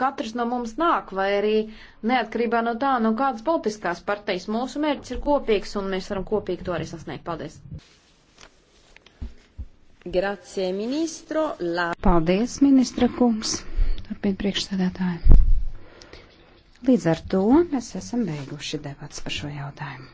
katrs no mums nāk, vai arī neatkarībā no tā, no kādas politiskās partijas mūsu mērķis ir kopīgs, un mēs varam kopīgi to arī sasniegt. Paldies! Grazie, ministro. La... Paldies, ministra kungs. Turpin priekšsēdētāji. Līdz ar to mēs esam beiguši debats par šo jautājumu.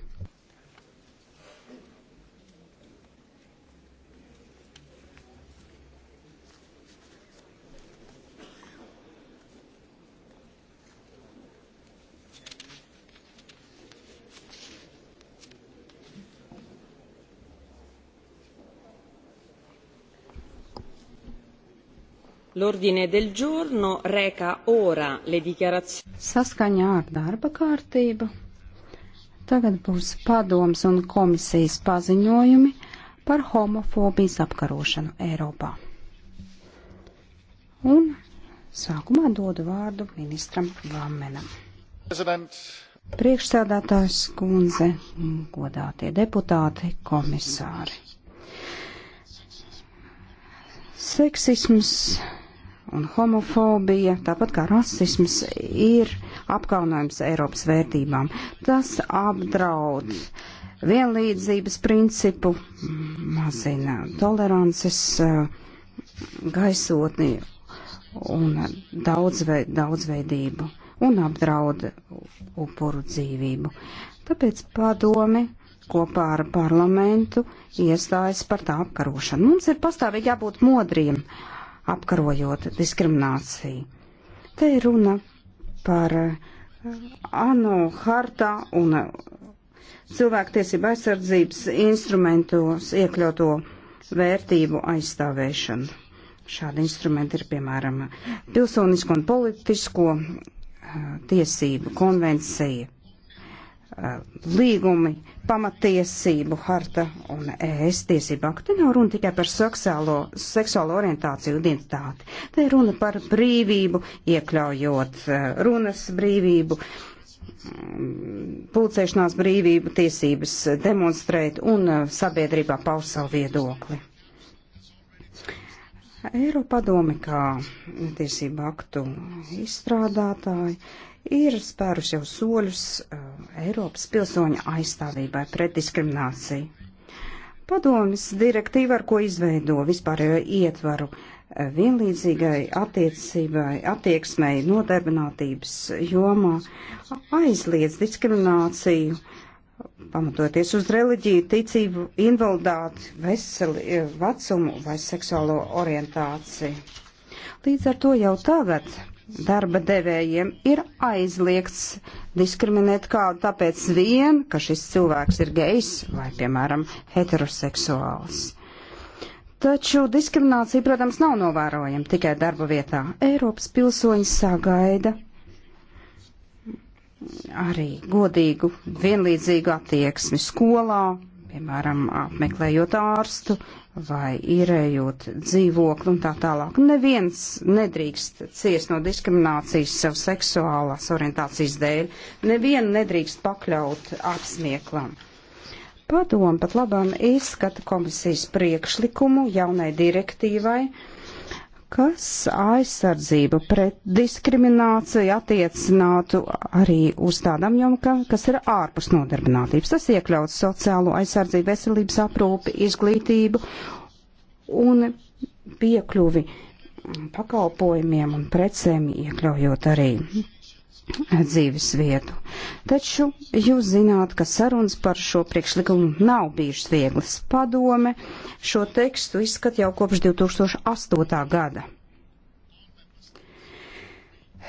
L'ordine del giorno reca ora le dichiarazioni. Saskaņā ar darba kārtību. Tagad būs padoms un komisijas paziņojumi par homofobijas apkarošanu Eiropā. Un sākumā dodu vārdu ministram Vammenam. Priekšsēdētājs kundze, godātie deputāti, komisāri. Seksisms un homofobija, tāpat kā rasisms, ir apkaunojums Eiropas vērtībām. Tas apdraud vienlīdzības principu, mazina tolerances eh, gaisotni un daudzve, daudzveidību un apdraud upuru dzīvību. Tāpēc padomi kopā ar parlamentu iestājas par tā apkarošanu. Mums ir pastāvīgi jābūt modriem. Uh, apkarojot diskrimināciju. Te ir runa par eh, ANO hartā un eh, cilvēktiesība aizsardzības instrumentos iekļauto vērtību aizstāvēšanu. Šādi instrumenti ir, piemēram, pilsonisko un politisko eh, tiesību konvencija Uh, līgumi, pamatiesību harta un ES tiesību akti nav runa tikai par seksuālo, seksuālo orientāciju identitāti. Te runa par brīvību, iekļaujot uh, runas brīvību, pulcēšanās brīvību, tiesības demonstrēt un uh, sabiedrībā paust savu viedokli. Eiropadome kā tiesību aktu izstrādātāji ir spēruši jau soļus um, Eiropas pilsoņa aizstāvībai pret diskrimināciju. Padomis direktīva, ar ko izveido vispārējo ietvaru uh, vienlīdzīgai attiecībai, attieksmei nodarbinātības jomā, aizliedz diskrimināciju, pamatoties uz reliģiju, ticību, invaliditāti, veseli, uh, vecumu vai seksuālo orientāciju. Līdz ar to jau tagad darba devējiem ir aizliegts diskriminēt kādu tāpēc vien, ka šis cilvēks ir gejs vai, piemēram, heteroseksuāls. Taču diskriminācija, protams, nav novērojama tikai darba vietā. Eiropas pilsoņi sagaida arī godīgu, vienlīdzīgu attieksmi skolā, piemēram, apmeklējot ārstu vai īrējot dzīvokli un tā tālāk. Neviens nedrīkst ciest no diskriminācijas sev seksuālās orientācijas dēļ, nevienu nedrīkst pakļaut apsmieklam. Padomu pat labam izskata komisijas priekšlikumu jaunai direktīvai kas aizsardzību pret diskrimināciju attiecinātu arī uz tādam jomam, kas ir ārpus nodarbinātības. Tas iekļaut sociālo aizsardzību, veselības aprūpi, izglītību un piekļuvi pakalpojumiem un precēm, iekļaujot arī dzīves vietu. Taču jūs zināt, ka sarunas par šo priekšlikumu nav bijušas vieglas. Padome šo tekstu izskat jau kopš 2008. gada.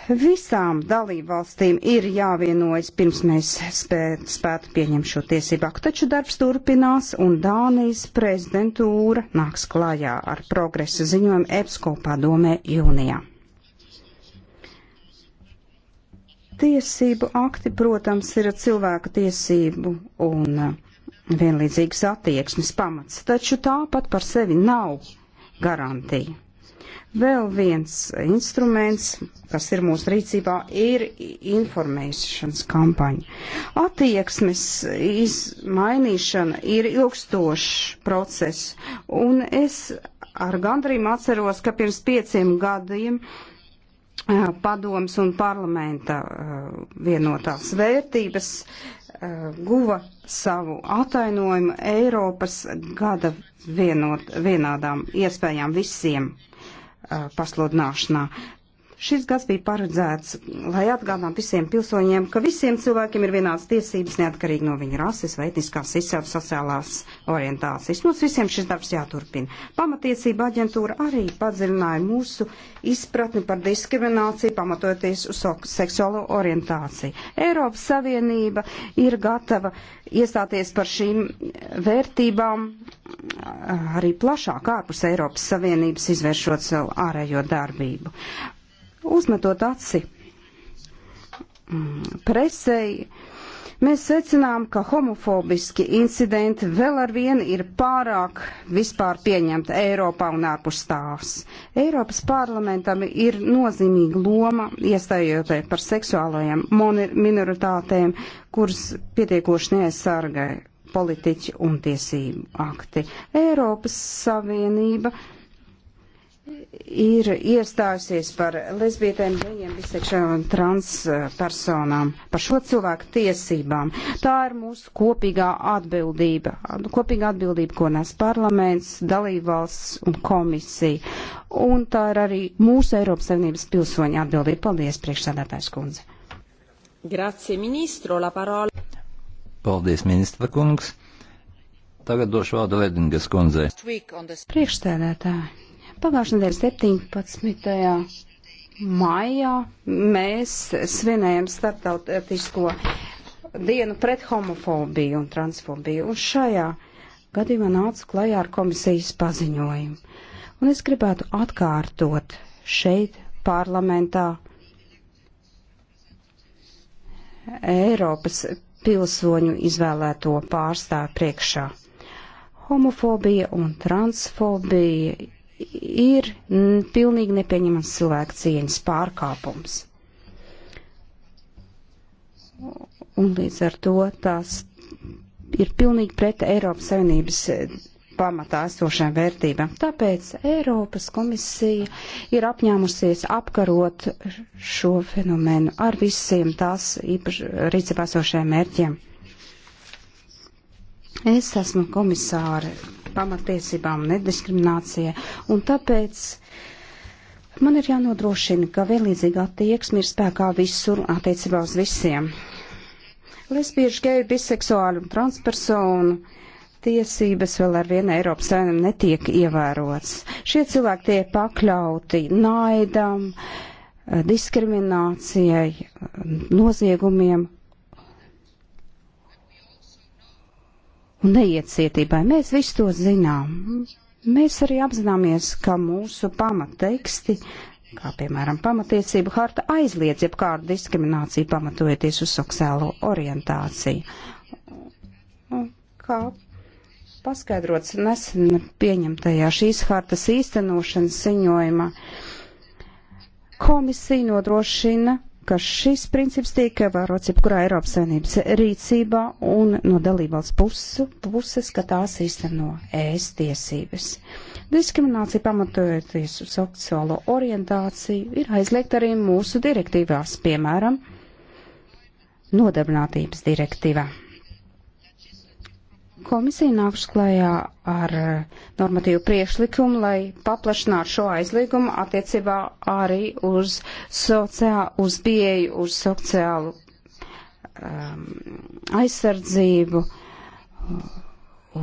Visām dalībvalstīm ir jāvienojas pirms mēs spē, spētu pieņemt šo tiesību aktu, taču darbs turpinās un Dānijas prezidentūra nāks klājā ar progresa ziņojumu EPSCO padomē jūnijā. Tiesību akti, protams, ir cilvēka tiesību un uh, vienlīdzīgas attieksmes pamats, taču tāpat par sevi nav garantija. Vēl viens instruments, kas ir mūsu rīcībā, ir informēšanas kampaņa. Attieksmes izmainīšana ir ilgstošs process, un es ar gandrību atceros, ka pirms pieciem gadiem uh, padomas un parlamenta vienotās vērtības guva savu atainojumu Eiropas gada vienot, vienādām iespējām visiem pasludināšanā. Šis gads bija paredzēts, lai atgādām visiem pilsoņiem, ka visiem cilvēkiem ir vienāds tiesības neatkarīgi no viņa rases, vai etniskās izcelsmes, sociālās orientācijas. Mums visiem šis darbs jāturpina. Pamatiesība aģentūra arī padziļināja mūsu izpratni par diskrimināciju, pamatoties uz seksuālo orientāciju. Eiropas Savienība ir gatava iestāties par šīm vērtībām arī plašāk ārpus Eiropas Savienības izvēršot savu ārējo darbību uzmetot aci mm, presēji, mēs secinām, ka homofobiski incidenti vēl ar vienu ir pārāk vispār pieņemta Eiropā un ārpus tās. Eiropas parlamentam ir nozīmīga loma iestājotē par seksuālajām minoritātēm, kuras pietiekoši neaizsargai politiķi un tiesību akti. Eiropas Savienība ir iestājusies par lesbietēm, gejiem, bisekšiem un transpersonām, par šo cilvēku tiesībām. Tā ir mūsu kopīgā atbildība, kopīgā atbildība, ko nes parlaments, dalībvalsts un komisija. Un tā ir arī mūsu Eiropas Savienības pilsoņa atbildība. Paldies, priekšsēdētājs kundze. Grazie, ministro, la parola. Paldies, ministra kungs. Tagad došu vārdu Ledingas kundzei. Priekšstādētāji Pagājušā nedēļa 17. maijā mēs svinējam starptautisko dienu pret homofobiju un transfobiju, un šajā gadījumā nāca klajā ar komisijas paziņojumu. Un es gribētu atkārtot šeit parlamentā Eiropas pilsoņu izvēlēto pārstāvu priekšā. Homofobija un transfobija ir pilnīgi nepieņemams cilvēku cieņas pārkāpums. Un līdz ar to tās ir pilnīgi pret Eiropas Savienības e, pamatā esošām vērtībām. Tāpēc Eiropas komisija ir apņēmusies apkarot šo fenomenu ar visiem tās īpaši rīcībā esošajiem mērķiem. Es esmu komisāre pamatiesībām, nediskriminācijai. Un tāpēc man ir jānodrošina, ka vienlīdzīga attieksme ir spēkā visur attiecībā uz visiem. Lesbiešu, geju, biseksuālu un transpersonu tiesības vēl ar vienu Eiropas saimniem netiek ievērots. Šie cilvēki tie pakļauti naidam, diskriminācijai, noziegumiem un neiecietībai. Mēs visu to zinām. Mēs arī apzināmies, ka mūsu pamatteksti, kā piemēram pamatiesību harta, aizliedz jebkādu diskrimināciju pamatojoties uz seksuālo orientāciju. Un nu, kā paskaidrots nesen pieņemtajā šīs hartas īstenošanas ziņojumā, komisija nodrošina ka šis princips tiek vērots jebkurā Eiropas Savienības rīcībā un no dalībvalsts puses, puses, ka tās īsteno ēst tiesības. Diskriminācija pamatojoties uz seksuālo orientāciju ir aizliegta arī mūsu direktīvās, piemēram, nodarbinātības direktīvā. Komisija nāks klajā ar eh, normatīvu priešlikumu, lai paplašinātu šo aizliegumu attiecībā arī uz, sociā, uz bieju, uz sociālu um, aizsardzību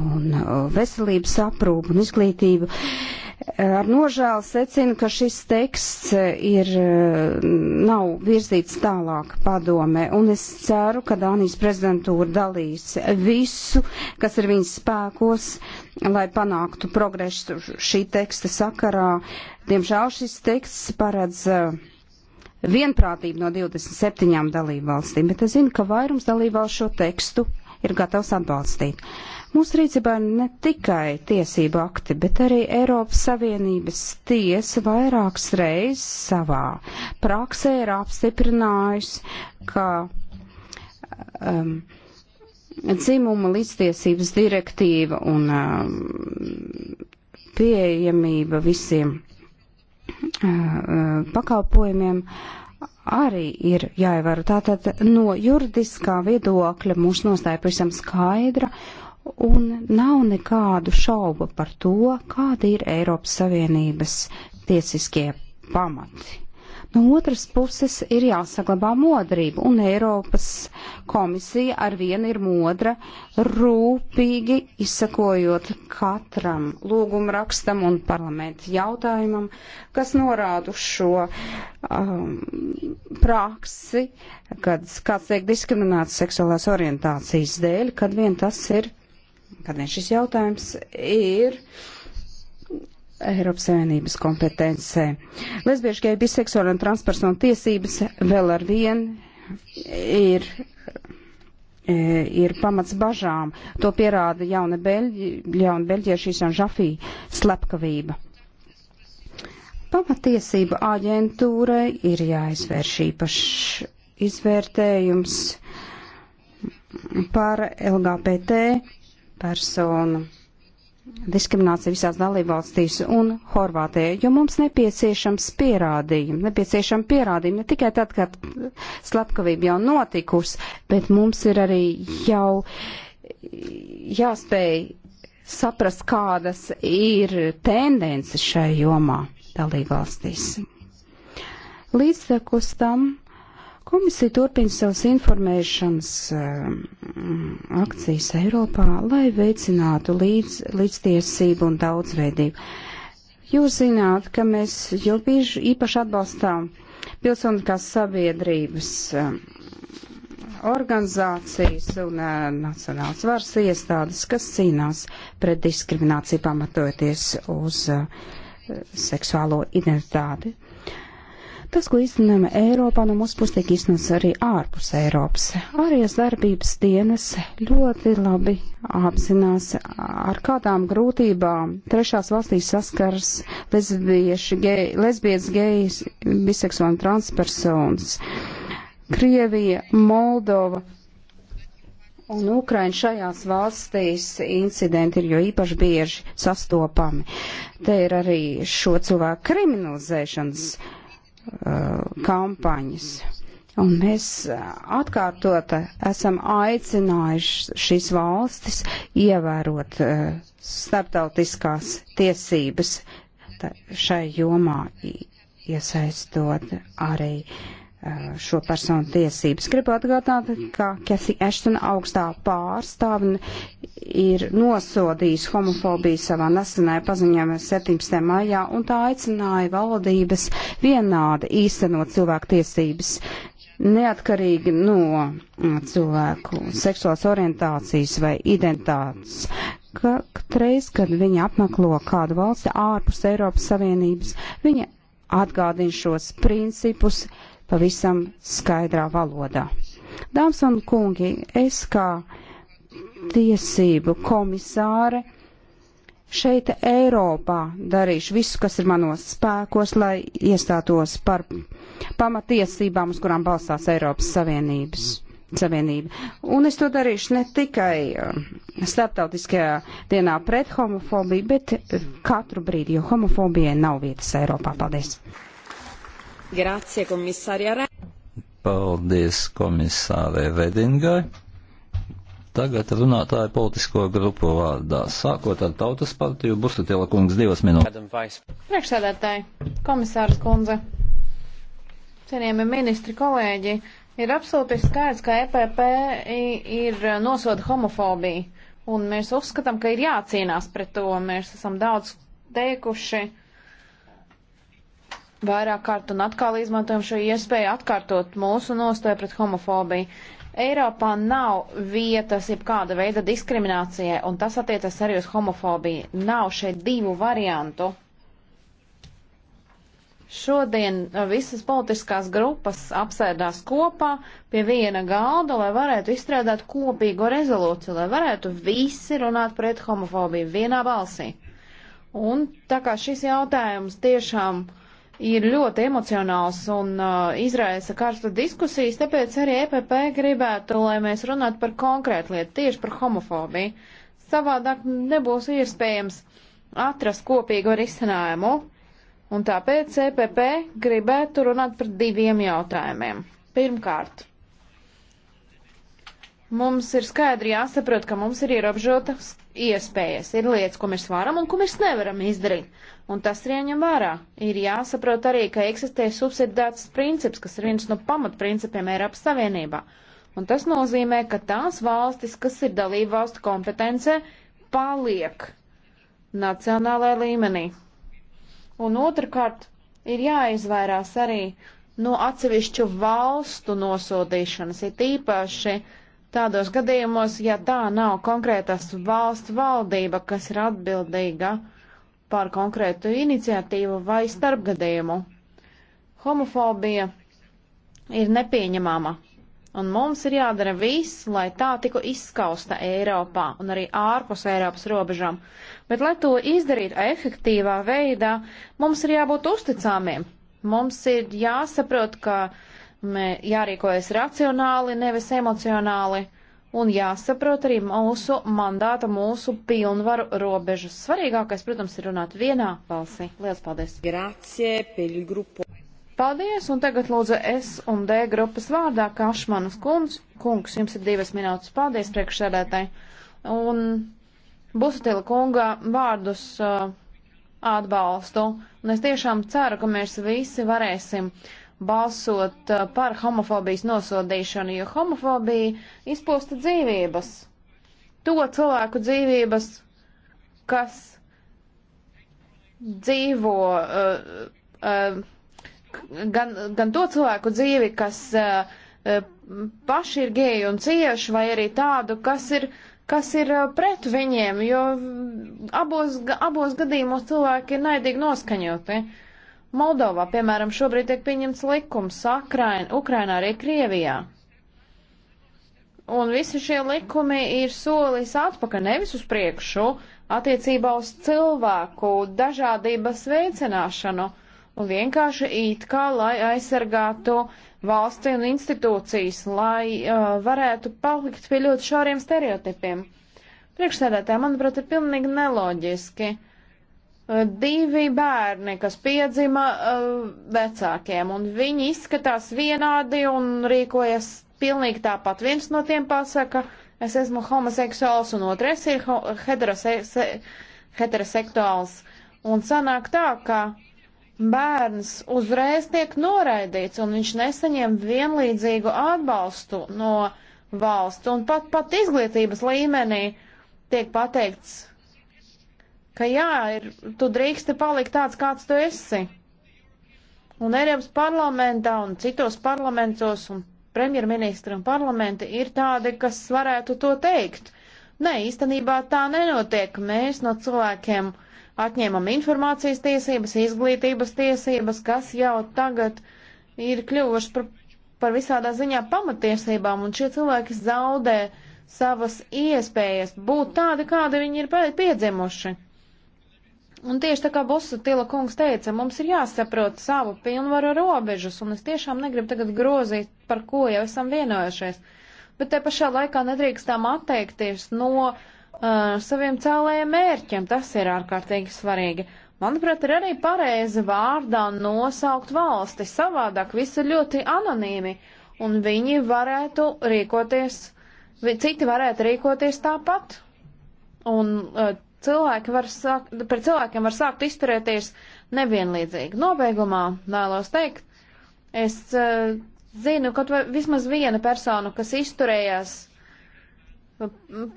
un eh, veselības aprūpu un izglītību. Uh, Ar nožēlu secinu, ka šis teksts eh, ir, eh, nav virzīts tālāk padome, un es ceru, ka Dānijas prezidentūra dalīs visu, kas ir viņas spēkos, lai panāktu progresu šī teksta sakarā. Diemžēl šis teksts paredz eh, vienprātību no 27 dalību valstīm, bet es zinu, ka vairums dalību valsts šo tekstu ir gatavs atbalstīt. Uh, Mūsu rīcībā ne tikai tiesību akti, bet arī Eiropas Savienības tiesa vairākas reizes savā praksē ir apstiprinājusi, ka um, dzimuma līdztiesības direktīva un um, pieejamība visiem uh, pakalpojumiem arī ir jāievēro. Tātad no juridiskā viedokļa mūsu nostāja pavisam skaidra un nav nekādu šaubu par to, kāda ir Eiropas Savienības tiesiskie pamati. No otras puses ir jāsaglabā modrība, un Eiropas komisija ar vienu ir modra, rūpīgi izsakojot katram lūgumu rakstam un parlamentu jautājumam, kas norāda šo um, praksi, kad kāds tiek diskriminēts seksuālās orientācijas dēļ, kad vien tas ir kad ne šis jautājums ir Eiropas Savienības kompetencē. Lesbiešu, geju, biseksuālu un transpersonu tiesības vēl ar vienu ir e, ir pamats bažām. To pierāda jauna, beļģi, jauna beļģiešīs un žafī slepkavība. Pamatiesība aģentūrai ir jāizvērš īpašs izvērtējums par LGBT personu diskriminācija visās dalībvalstīs un Horvātijā, jo mums nepieciešams pierādījumi, nepieciešami pierādījumi ne tikai tad, kad slepkavība jau notikusi, bet mums ir arī jau jāspēj saprast, kādas ir tendences šai jomā dalībvalstīs. Līdztekus tam Komisija turpina savas informēšanas um, akcijas Eiropā, lai veicinātu līdz, līdztiesību un daudzveidību. Jūs zināt, ka mēs jau bieži īpaši atbalstām pilsoniskās sabiedrības um, organizācijas un uh, nacionāls varas iestādes, kas cīnās pret diskrimināciju pamatojoties uz uh, seksuālo identitāti. Tas, ko izdarām Eiropā, no mūsu puses tiek iznots arī ārpus Eiropas. Ārējās darbības dienas ļoti labi apzinās, ar kādām grūtībām trešās valstīs saskars lesbieši, gei, lesbietis, gejs, biseksuāli transpersonas. Krievija, Moldova, Un Ukraiņa šajās valstīs incidenti ir jo īpaši bieži sastopami. Te ir arī šo cilvēku kriminalizēšanas Uh, kampaņas. Un mēs uh, atkārtot esam aicinājuši šīs valstis ievērot uh, starptautiskās tiesības šai jomā, iesaistot arī uh, Eh, šo personu tiesības. Gribu atgādināt, ka Kathy Ashton augstā pārstāvna ir nosodījusi homofobiju savā nesenai paziņojumā 17. maijā un tā aicināja valdības vienādi īstenot cilvēku tiesības neatkarīgi no mm, cilvēku seksuālas orientācijas vai identitātes. Katreiz, kad viņa apmeklo kādu valsti ārpus Eiropas Savienības, viņa atgādina šos principus, uh, pavisam skaidrā valodā. Dāmas un kungi, es kā tiesību komisāre šeit Eiropā darīšu visu, kas ir manos spēkos, lai iestātos par pamatiesībām, uz kurām balstās Eiropas Savienības. Savienība. Un es to darīšu ne tikai uh, starptautiskajā dienā pret homofobiju, bet uh, katru brīdi, jo homofobijai nav vietas Eiropā. Paldies! Grazie, komisārija Redinga. Paldies komisārai Redingai. Tagad runātāja politisko grupu vārdā. Sākot ar Tautas partiju, Busatila kungs divas minūtes. Priekšsēdētāji, komisārs kundze, cienījami ministri, kolēģi, ir absolūti skaidrs, ka EPP ir nosoda homofobiju. Un mēs uzskatām, ka ir jācīnās pret to. Mēs esam daudz teikuši vairāk kārt un atkal izmantojam šo iespēju atkārtot mūsu nostāju pret homofobiju. Eiropā nav vietas jebkāda veida diskriminācijai, un tas attiecas arī uz homofobiju. Nav šeit divu variantu. Šodien uh, visas politiskās grupas apsēdās kopā pie viena galda, lai varētu izstrādāt kopīgo rezolūciju, lai varētu visi runāt pret homofobiju vienā balsī. Un tā kā šis jautājums tiešām uh, ir ļoti emocionāls un uh, izraisa karstu diskusijas, tāpēc arī EPP gribētu, lai mēs runātu par konkrētu lietu, tieši par homofobiju. Savādāk nebūs iespējams atrast kopīgu risinājumu, un tāpēc EPP gribētu runāt par diviem jautājumiem. Pirmkārt, mums ir skaidri jāsaprot, ka mums ir ierobežotas iespējas, ir lietas, ko mēs varam un ko mēs nevaram izdarīt un tas ir jāņem vērā. Ir jāsaprot arī, ka eksistē subsidētas princips, kas ir viens no pamatprincipiem Eiropas Savienībā. Un tas nozīmē, ka tās valstis, kas ir dalība valstu kompetence, paliek nacionālajā līmenī. Un otrkārt, ir jāizvairās arī no atsevišķu valstu nosodīšanas, ir tīpaši tādos gadījumos, ja tā nav konkrētas valsts valdība, kas ir atbildīga uh, par konkrētu iniciatīvu vai starpgadījumu. Homofobija ir nepieņemama, un mums ir jādara viss, lai tā tiku izskausta Eiropā un arī ārpus Eiropas robežām. Bet, lai to izdarītu efektīvā veidā, mums ir jābūt uzticāmiem. Mums ir jāsaprot, ka mē, jārīkojas racionāli, nevis emocionāli. Uh, un jāsaprot arī mūsu mandāta, mūsu pilnvaru robežas. Svarīgākais, protams, ir runāt vienā balsī. Lielas paldies! Grazie, peļu grupu! Paldies, un tagad lūdzu S un D grupas vārdā Kašmanas kungs. Kungs, jums ir divas minūtes. Paldies priekšsēdētāji. Un Busatila kunga vārdus uh, atbalstu, un es tiešām ceru, ka mēs visi varēsim uh, balsot uh, par homofobijas nosodīšanu, jo homofobija izposta dzīvības. To cilvēku dzīvības, kas dzīvo, uh, uh, gan, gan to cilvēku dzīvi, kas uh, uh paši ir geji un cieši, vai arī tādu, kas ir, kas ir uh, pret viņiem, jo abos, abos gadījumos cilvēki ir naidīgi noskaņoti. Uh, Moldovā, piemēram, šobrīd tiek pieņemts likums Akrain, Ukrainā, arī Krievijā. Un visi šie likumi ir solis atpakaļ, nevis uz priekšu, attiecībā uz cilvēku dažādības veicināšanu un vienkārši it kā, lai aizsargātu valsti un institūcijas, lai uh, varētu palikt pie ļoti šauriem stereotipiem. Priekšsēdētāji, manuprāt, ir pilnīgi neloģiski. Uh, divi bērni, kas piedzima uh, vecākiem, un viņi izskatās vienādi un rīkojas pilnīgi tāpat. Viens no tiem pasaka, es esmu homoseksuāls, un otrais ir heterose heteroseksuāls. Un sanāk tā, ka bērns uzreiz tiek noraidīts, un viņš nesaņem vienlīdzīgu atbalstu no valsts, un pat, pat izglītības līmenī tiek pateikts ka jā, ir, tu drīksti palikt tāds, kāds tu esi. Un Eiropas parlamentā un citos parlamentos un premjerministra un parlamenti ir tādi, kas varētu to teikt. Nē, īstenībā tā nenotiek. Mēs no cilvēkiem atņemam informācijas tiesības, izglītības tiesības, kas jau tagad ir kļuvuši par, par visādā ziņā pamatiesībām, un šie cilvēki zaudē savas iespējas būt tādi, kādi viņi ir piedzimuši. Un tieši tā kā Bosu Tila kungs teica, mums ir jāsaprot savu pilnvaru robežas, un es tiešām negribu tagad grozīt, par ko jau esam vienojušies. Bet te pašā laikā nedrīkstām atteikties no uh, saviem cēlējiem mērķiem. Tas ir ārkārtīgi svarīgi. Manuprāt, ir arī pareizi vārdā nosaukt valsti. Savādāk viss ir ļoti anonīmi, un viņi varētu rīkoties, citi varētu rīkoties tāpat. Un uh, cilvēki var sākt, pret cilvēkiem var sākt izturēties nevienlīdzīgi. Nobeigumā vēlos teikt, es uh, zinu kaut vai vismaz viena persona, kas izturējās,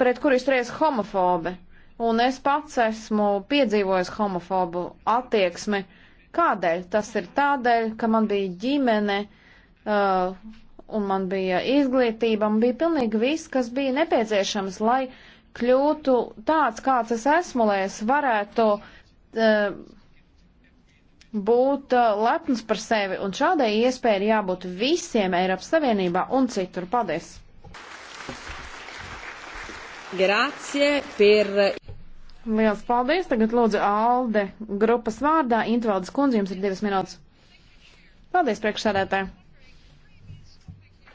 pret kuru izturējās homofobi, un es pats esmu piedzīvojis homofobu attieksmi. Kādēļ? Tas ir tādēļ, ka man bija ģimene, uh, un man bija izglītība, man bija pilnīgi viss, kas bija nepieciešams, lai uh, kļūtu tāds, kāds es esmu, lai es varētu uh, būt uh, lepns par sevi. Un šādai iespēja ir jābūt visiem Eiropas Savienībā un citur. Paldies! Grācie par. Liels paldies! Tagad lūdzu Alde grupas vārdā. Intvaldes kundze, jums ir divas minūtes. Paldies, priekšsēdētāji!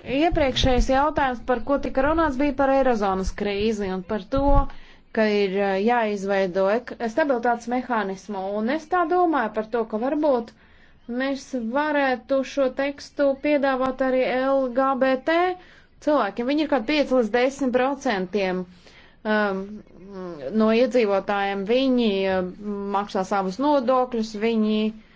Iepriekšējais jautājums, par ko tika runāts, bija par Eirozonas krīzi un par to, ka ir eh, jāizveido stabilitātes mehānismu. Un es tā domāju par to, ka varbūt mēs varētu šo tekstu piedāvāt arī LGBT cilvēkiem. Viņi ir kā 5 līdz 10 procentiem. Um, no iedzīvotājiem viņi eh, maksā savus nodokļus, viņi uh,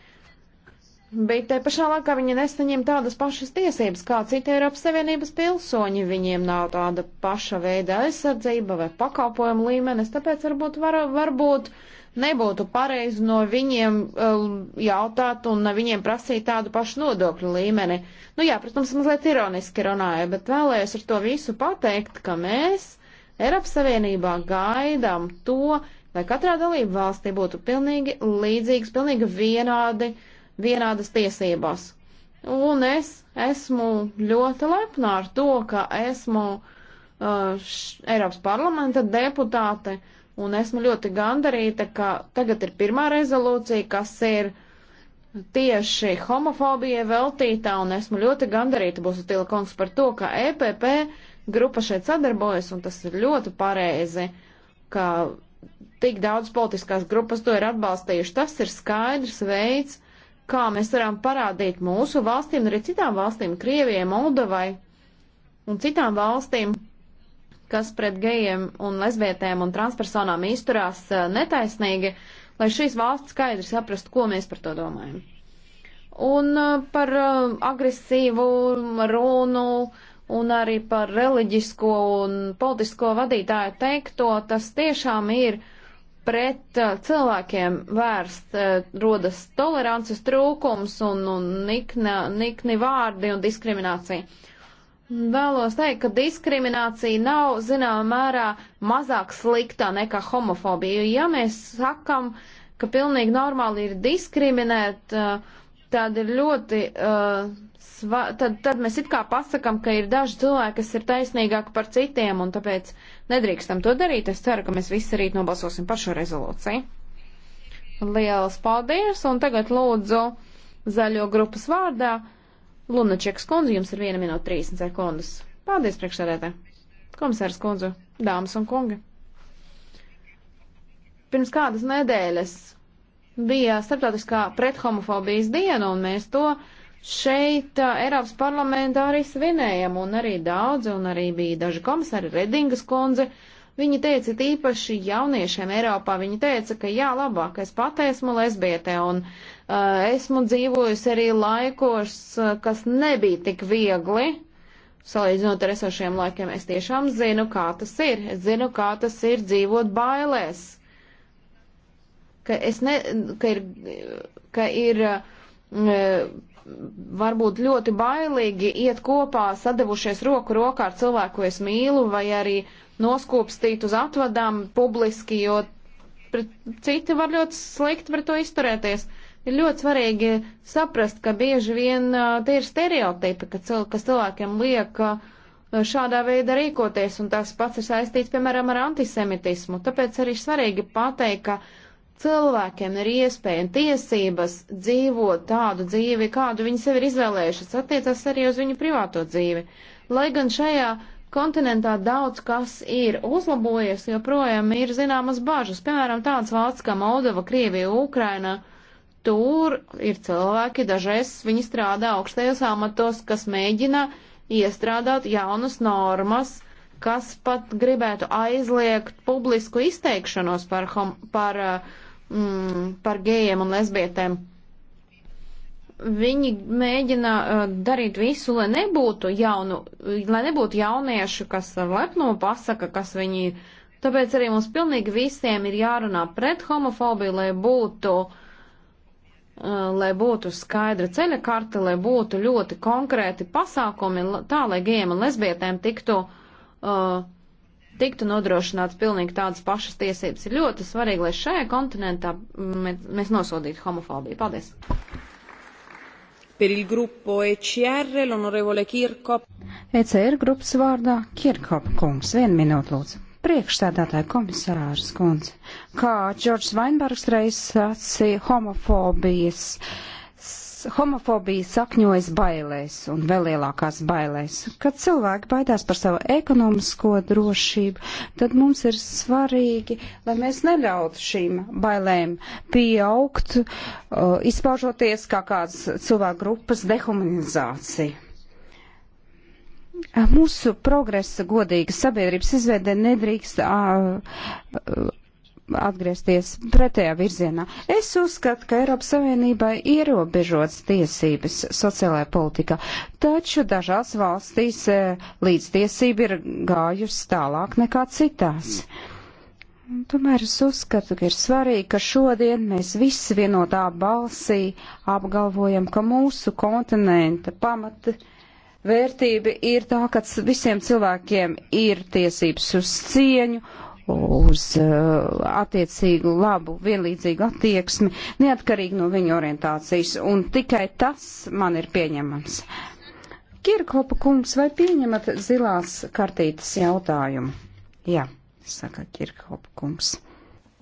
bet te pašā laikā viņi nesaņem tādas pašas tiesības kā citi Eiropas Savienības pilsoņi. Viņiem nav tāda paša veida aizsardzība vai pakalpojuma līmenis, tāpēc varbūt, var, varbūt nebūtu pareizi no viņiem um, jautāt un no viņiem prasīt tādu pašu nodokļu līmeni. Nu jā, protams, mazliet ironiski runāju, bet vēlējos ar to visu pateikt, ka mēs Eiropas Savienībā gaidām to, lai katrā dalība valstī būtu pilnīgi līdzīgas, pilnīgi vienādi uh, vienādas tiesības. Un es esmu ļoti lepna ar to, ka esmu uh, š, Eiropas parlamenta deputāte, un esmu ļoti gandarīta, ka tagad ir pirmā rezolūcija, kas ir tieši homofobijai veltītā, un esmu ļoti gandarīta, būs Utila kungs, par to, ka EPP grupa šeit sadarbojas, un tas ir ļoti pareizi, ka tik daudz politiskās grupas to ir atbalstījuši. Tas ir skaidrs veids, kā mēs varam parādīt mūsu valstīm, arī citām valstīm, Krievijai, Moldovai un citām valstīm, kas pret gejiem un lesbietēm un transpersonām izturās eh, netaisnīgi, lai šīs valsts skaidri saprastu, ko mēs par to domājam. Un eh, par eh, agresīvu runu un arī par reliģisko un politisko vadītāju teikto, tas tiešām ir uh, pret uh, cilvēkiem vērst uh, rodas tolerances trūkums un, un nikna, nikni vārdi un diskriminācija. Vēlos teikt, ka diskriminācija nav, zināmā mērā, mazāk sliktā nekā homofobija. Ja mēs sakam, ka pilnīgi normāli ir diskriminēt, uh, tad ir ļoti uh, sva, tad, tad mēs it kā pasakam, ka ir daži cilvēki, kas ir taisnīgāki par citiem, un tāpēc nedrīkstam to darīt. Es ceru, ka mēs visi rīt nobalsosim par šo rezolūciju. Lielas paldies, un tagad lūdzu zaļo grupas vārdā Lunačeks kundze, jums ir 1 minūte 30 sekundes. Paldies, priekšsēdētē. Komisārs kundze, dāmas un kungi. Pirms kādas nedēļas bija starptautiskā prethomofobijas diena, un mēs to uh, šeit uh, Eiropas parlamentā arī svinējam, un arī daudzi, un arī bija daži komisāri, Redingas kundze, viņi teica tīpaši jauniešiem Eiropā, viņi teica, ka jā, labāk, es pat esmu lesbietē, un uh, esmu dzīvojusi arī laikos, uh, kas nebija tik viegli, salīdzinot ar esošiem laikiem, es tiešām zinu, kā tas ir, es zinu, kā tas ir dzīvot bailēs, ka es ne, ka ir, ka ir uh, varbūt ļoti bailīgi iet kopā, sadevušies roku rokā ar cilvēku, ko es mīlu, vai arī noskūpstīt uz atvadām publiski, jo pret, citi var ļoti slikti pret to izturēties. Ir ļoti svarīgi saprast, ka bieži vien uh, tie ir stereotipi, ka cil, kas cilvēkiem liek uh, šādā veidā rīkoties, un tas pats ir saistīts, piemēram, ar antisemitismu. Tāpēc arī svarīgi pateikt, ka cilvēkiem ir iespēja un tiesības dzīvot tādu dzīvi, kādu viņi sev ir izvēlējušies, attiecas arī uz viņu privāto dzīvi. Lai gan šajā kontinentā daudz kas ir uzlabojies, joprojām ir zināmas bažas, piemēram, tādas valsts kā Moldova, Krievija, Ukraina. Tur ir cilvēki, dažreiz viņi strādā augstajos amatos, kas mēģina iestrādāt jaunas normas, kas pat gribētu aizliegt publisku izteikšanos par, hom, par uh, mm, par gejiem un lesbietēm. Viņi mēģina uh, darīt visu, lai nebūtu, jaunu, lai nebūtu jauniešu, kas ar lepnumu pasaka, kas viņi ir. Tāpēc arī mums pilnīgi visiem ir jārunā pret homofobiju, lai būtu, uh, lai būtu skaidra ceļa karte, lai būtu ļoti konkrēti pasākumi, tā lai gejiem un lesbietēm tiktu uh, tiktu nodrošināts pilnīgi tādas pašas tiesības. Ir ļoti svarīgi, lai šajā kontinentā mēs nosodītu homofobiju. Paldies! Per il gruppo ECR, l'onorevole Kirkop. ECR grupas vārdā Kirkop kungs. Vienu minūtu lūdzu. Priekšstādātāja komisārs kundze. Kā Džordžs Vainbergs reiz sacīja homofobijas. Uh, homofobija sakņojas bailēs un vēl lielākās bailēs. Kad cilvēki baidās par savu ekonomisko drošību, tad mums ir svarīgi, lai mēs neļautu šīm bailēm pieaugt, uh, izpaužoties kā kādas cilvēku grupas dehumanizācija. Mūsu progresa godīga sabiedrības izveide nedrīkst uh, uh, atgriezties pretējā virzienā. Es uzskatu, ka Eiropas Savienībai ierobežots tiesības sociālajā politikā, taču dažās valstīs e, līdztiesība ir gājusi tālāk nekā citās. Tomēr es uzskatu, ka ir svarīgi, ka šodien mēs visi vienotā balsī apgalvojam, ka mūsu kontinenta pamata vērtība ir tā, ka visiem cilvēkiem ir tiesības uz cieņu uz eh, attiecīgu labu, vienlīdzīgu attieksmi, neatkarīgi no viņa orientācijas, un tikai tas man ir pieņemams. Kirkopa kungs, vai pieņemat zilās kartītes jautājumu? Jā, saka Kirkopa kungs.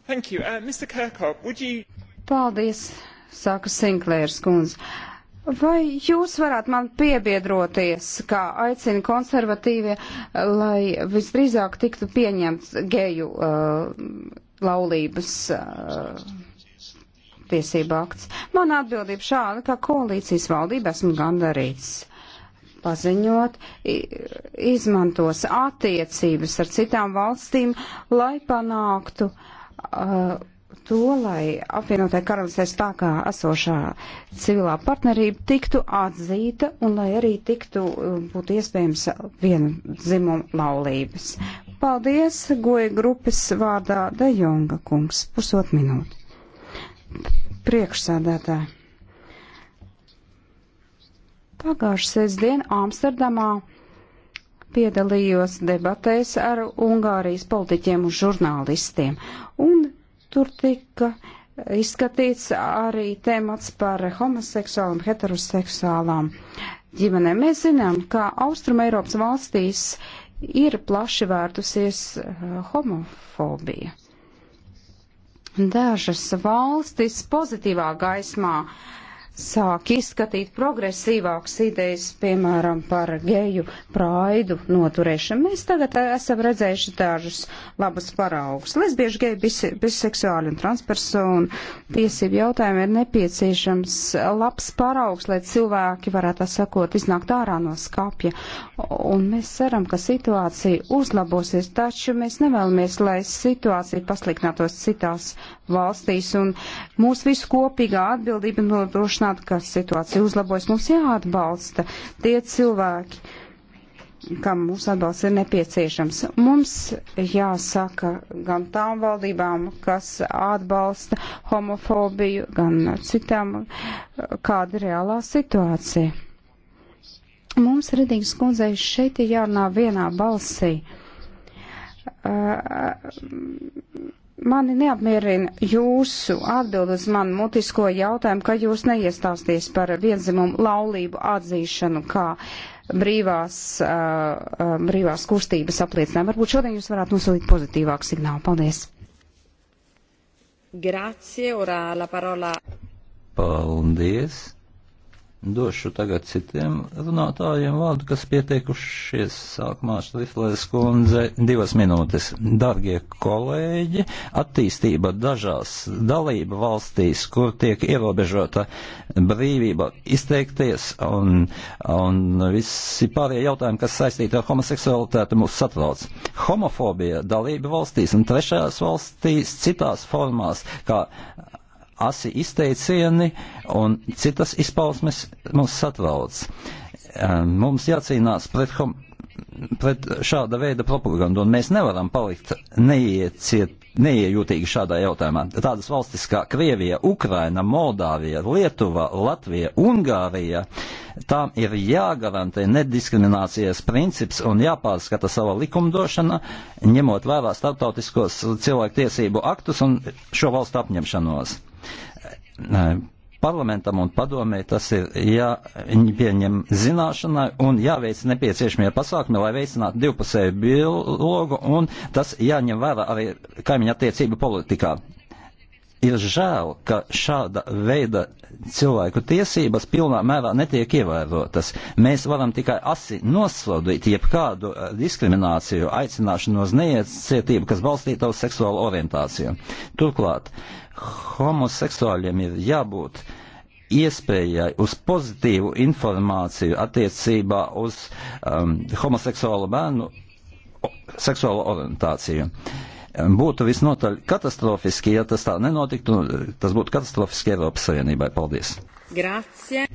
Thank you. Uh, Mr. Kirkhope, would you... Paldies, saka Sinklērs kundze. Uh, Vai jūs varētu man piebiedroties, kā aicina konservatīvie, lai visdrīzāk tiktu pieņemts geju uh, laulības uh, tiesība akts? Man atbildība šāda, ka koalīcijas valdība esmu gandarīts paziņot, izmantos attiecības ar citām valstīm, lai panāktu. Uh, to, lai apvienotai karalistē spēkā esošā civilā partnerība tiktu atzīta un lai arī tiktu uh, būtu iespējams viena dzimuma laulības. Paldies, goja grupas vārdā Dejonga kungs, pusot minūti. Priekšsādātā. Pagājušā sestdiena Amsterdamā piedalījos debatēs ar Ungārijas politiķiem un žurnālistiem, un Tur tika izskatīts arī temats par homoseksuālām, heteroseksuālām ģimenēm. Mēs zinām, ka Austruma Eiropas valstīs ir plaši vērtusies eh, homofobija. Dažas valstis pozitīvā gaismā uh, sāk izskatīt progresīvākas idejas, piemēram, par geju praidu noturēšanu. Mēs tagad eh, esam redzējuši dažus labus paraugus. Lesbiešu, geju, bise, biseksuāļu un transpersonu tiesību jautājumu ir nepieciešams eh, labs paraugs, lai cilvēki varētu, tā sakot, iznākt ārā no skapja. Un mēs ceram, ka situācija uzlabosies, taču mēs nevēlamies, lai situācija pasliktinātos citās valstīs. Un mūsu visu kopīgā atbildība nodrošina pārliecināti, ka situācija uzlabojas. Mums jāatbalsta tie cilvēki, kam mūsu atbalsts ir nepieciešams. Mums jāsaka gan tām valdībām, kas atbalsta homofobiju, gan citām, kāda ir reālā situācija. Mums, Redīgas kundzei, šeit ir jārunā vienā balsī. Uh, Mani neapmierina jūsu atbild uz manu mutisko jautājumu, ka jūs neiestāsties par vienzimumu laulību atzīšanu kā brīvās, uh, uh brīvās kustības apliecinājumu. Varbūt šodien jūs varētu nosūtīt pozitīvāku signālu. Paldies! Grazie, ora la parola. Paldies! Došu tagad citiem runātājiem vārdu, kas pieteikušies sākumā Štriflēs kundze divas minūtes. Dargie kolēģi, attīstība dažās dalība valstīs, kur tiek ierobežota brīvība izteikties un, un visi pārējie jautājumi, kas saistīti ar homoseksualitāti, mūs satrauc. Homofobija dalība valstīs un trešajās valstīs citās formās, kā asi izteicieni un citas izpausmes mums satvalc. Mums jācīnās pret, hom, pret šāda veida propagandu, un mēs nevaram palikt neieciet, neiejūtīgi šādā jautājumā. Tādas valstis kā Krievija, Ukraina, Moldāvija, Lietuva, Latvija, Ungārija, tām ir jāgarantē nediskriminācijas princips un jāpārskata sava likumdošana, ņemot vērā starptautiskos cilvēktiesību aktus un šo valstu apņemšanos parlamentam un padomē tas ir jāpieņem ja zināšanai un jāveic nepieciešamie pasākumi, lai veicinātu divpusēju dialogu, un tas jāņem vērā arī kaimiņa attiecību politikā. Ir žēl, ka šāda veida cilvēku tiesības pilnā mērā netiek ievērotas. Mēs varam tikai asi nosodīt jebkādu eh, diskrimināciju, aicināšanu uz neiecietību, kas balstīta uz seksuālu orientāciju. Turklāt, uh, homoseksuāļiem ir jābūt iespējai uz pozitīvu informāciju attiecībā uz um, homoseksuālu bērnu seksuālo orientāciju. Um, būtu visnotaļ katastrofiski, ja tas tā nenotiktu, uh, tas būtu katastrofiski Eiropas Savienībai. Paldies! Grazie!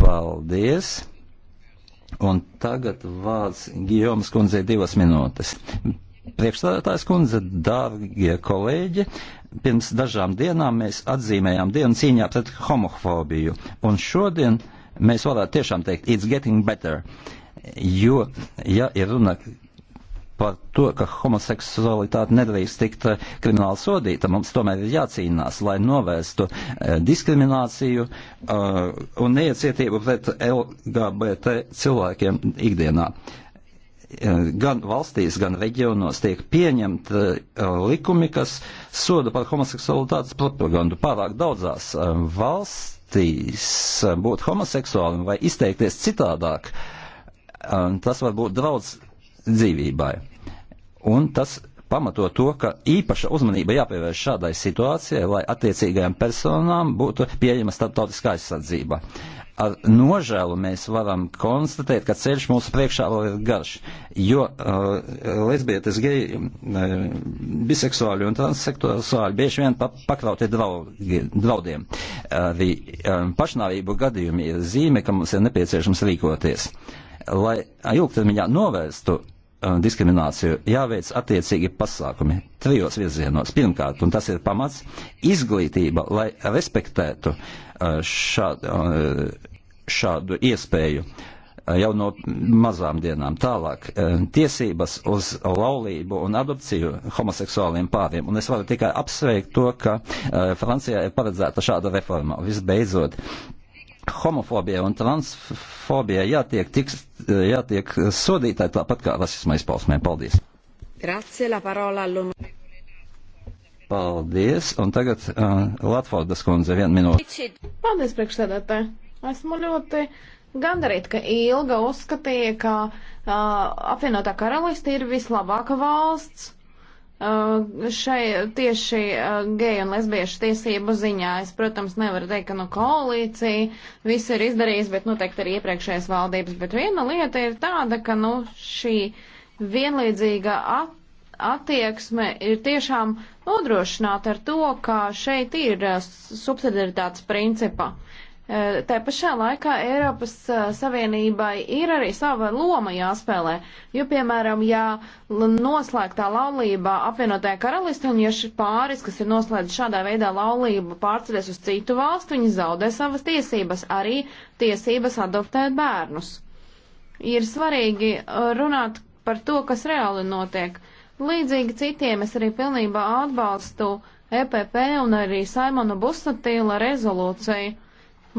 Paldies! Un tagad vārds Gijomas kundzei divas minūtes. Priekšstādātājs kundze, dārgie kolēģi, pirms dažām dienām mēs atzīmējām dienu cīņā pret homofobiju, un šodien mēs varētu tiešām teikt, it's getting better, jo, ja ir runa par to, ka homoseksualitāte nedrīkst tikt eh, krimināli sodīta. Mums tomēr ir jācīnās, lai novērstu eh, diskrimināciju eh, un neiecietību pret LGBT cilvēkiem ikdienā gan valstīs, gan reģionos tiek pieņemti e, likumi, kas soda par homoseksualitātes propagandu. Pārāk daudzās e, valstīs e, būt homoseksuālim vai izteikties citādāk, tas var būt draudz dzīvībai. Un tas pamato to, ka īpaša uzmanība jāpievērš šādai situācijai, lai attiecīgajām personām būtu pieejama starptautiskā aizsardzība ar nožēlu mēs varam konstatēt, ka ceļš mūsu priekšā vēl ir garš, jo uh, lesbietes, geji, uh, biseksuāļi un transseksuāļi bieži vien pa pakrauti draugi, draudiem. Arī uh, pašnāvību gadījumi ir zīme, ka mums ir nepieciešams rīkoties. Lai ilgtermiņā novērstu uh, diskrimināciju, jāveic attiecīgi pasākumi trijos virzienos. Pirmkārt, un tas ir pamats, izglītība, lai respektētu uh, šādu uh, šādu iespēju eh, jau no mazām dienām. Tālāk, eh, tiesības uz laulību un adopciju homoseksuāliem pāriem. Un es varu tikai apsveikt to, ka eh, Francijā ir paredzēta šāda reforma. Visbeidzot, homofobija un transfobija jātiek, tiks, jātiek sodītāji tāpat kā rasisma izpausmēm. Paldies! Grazie, la parola all'on. Paldies, un tagad uh, Latvordas kundze, vienu minūti. Paldies, priekšsēdētāji! Esmu ļoti gandarīt, ka ilga uzskatīja, ka uh, apvienotā karaliste ir vislabāka valsts uh, šai tieši uh, geju un lesbiešu tiesību ziņā. Es, protams, nevaru teikt, ka no koalīcija viss ir izdarījis, bet noteikti arī iepriekšējās valdības. Bet viena lieta ir tāda, ka nu, šī vienlīdzīga at attieksme ir tiešām nodrošināta ar to, ka šeit ir subsidiaritātes principa. Uh, Tā pašā laikā Eiropas Savienībai ir arī sava loma jāspēlē, jo, piemēram, ja noslēgtā laulība apvienotajā karalistē un ja šis pāris, kas ir noslēdzis šādā veidā laulību, pārceļas uz citu valstu, viņi zaudē savas tiesības, arī tiesības adoptēt bērnus. Ir svarīgi runāt par to, kas reāli notiek. Līdzīgi citiem es arī pilnībā atbalstu EPP un arī Saimona Busatila rezolūciju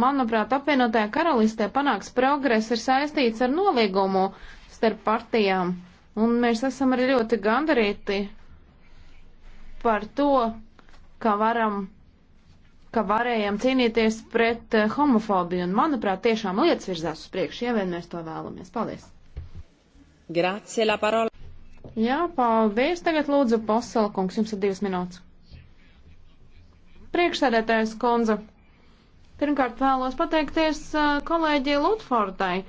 Manuprāt, apvienotajā karalistē panāks progress ir saistīts ar nolīgumu starp partijām, un mēs esam arī ļoti gandarīti par to, ka varam ka varējām cīnīties pret uh, homofobiju, un, manuprāt, tiešām lietas virzās uz priekšu, ja vien mēs to vēlamies. Paldies! Grazie la parola! Jā, paldies! Tagad lūdzu, Poselkungs, jums ir divas minūtes. Priekšsēdētājs Konza. Pirmkārt vēlos pateikties kolēģi Lutfordai,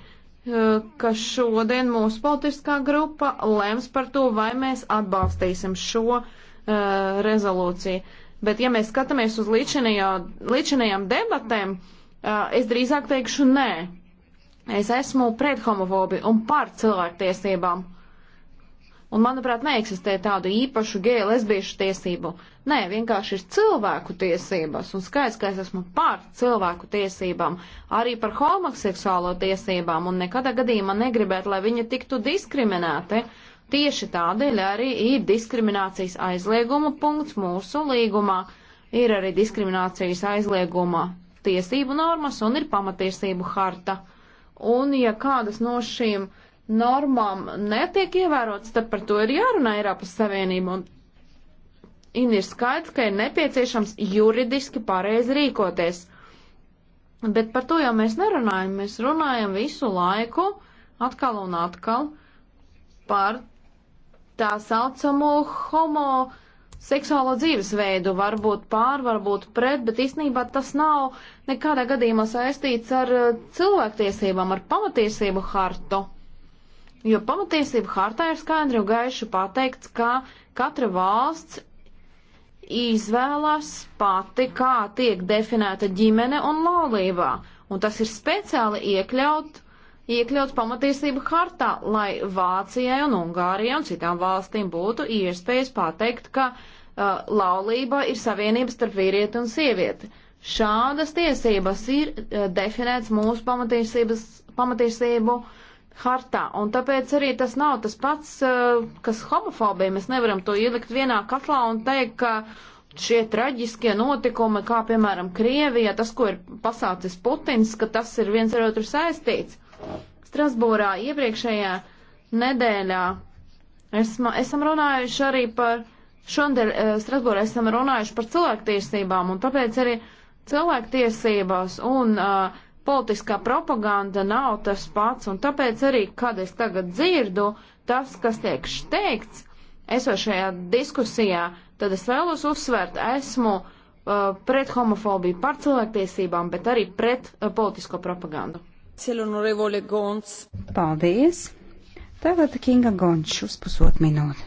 ka šodien mūsu politiskā grupa lems par to, vai mēs atbalstīsim šo uh, rezolūciju. Bet ja mēs skatāmies uz līdzinējām debatēm, uh, es drīzāk teikšu nē. Es esmu pret homofobi un par cilvēktiesībām. Un, manuprāt, neeksistē tādu īpašu geju lesbiešu tiesību. Nē, vienkārši ir cilvēku tiesības, un skaidrs, ka es esmu pār cilvēku tiesībām, arī par homoseksuālo tiesībām, un nekadā gadījumā negribētu, lai viņi tiktu diskriminēti. Tieši tādēļ arī ir diskriminācijas aizlieguma punkts mūsu līgumā, ir arī diskriminācijas aizlieguma tiesību normas un ir pamatiesību harta. Un ja kādas no šīm uh, normām netiek ievērotas, tad par to ir jārunā Eiropas Savienība. Un ir skaidrs, ka ir nepieciešams juridiski pareizi rīkoties. Bet par to jau mēs nerunājam. Mēs runājam visu laiku, atkal un atkal, par tā saucamo homo seksuālo dzīvesveidu, varbūt pār, varbūt pret, bet īstenībā tas nav nekādā gadījumā saistīts ar eh, cilvēktiesībām, ar pamatiesību hartu. Jo pamatiesība hartā ir skaidri un gaiši pateikts, ka katra valsts izvēlas pati, kā tiek definēta ģimene un laulībā. Un tas ir speciāli iekļaut, iekļaut pamatiesību hartā, lai Vācijai un Ungārijai un citām valstīm būtu iespējas pateikt, ka uh, laulība ir savienība starp vīrieti un sievieti. Šādas tiesības ir uh, definēts mūsu pamatiesības, pamatiesību hartā hartā. Un tāpēc arī tas nav tas pats, eh, kas homofobija. Mēs nevaram to ielikt vienā katlā un teikt, ka šie traģiskie notikumi, kā piemēram Krievija, tas, ko ir pasācis Putins, ka tas ir viens ar otru saistīts. Strasbūrā iepriekšējā nedēļā esma, esam runājuši arī par, šodien eh, Strasbūrā esam runājuši par cilvēktiesībām un tāpēc arī cilvēktiesībās un uh, Politiskā propaganda nav tas pats, un tāpēc arī, kad es tagad dzirdu tas, kas tiek teikts esošajā diskusijā, tad es vēlos uzsvērt, esmu uh, pret homofobiju, par cilvēktiesībām, bet arī pret uh, politisko propagandu. Paldies! Tagad Kinga Gončs uz pusotru minūti.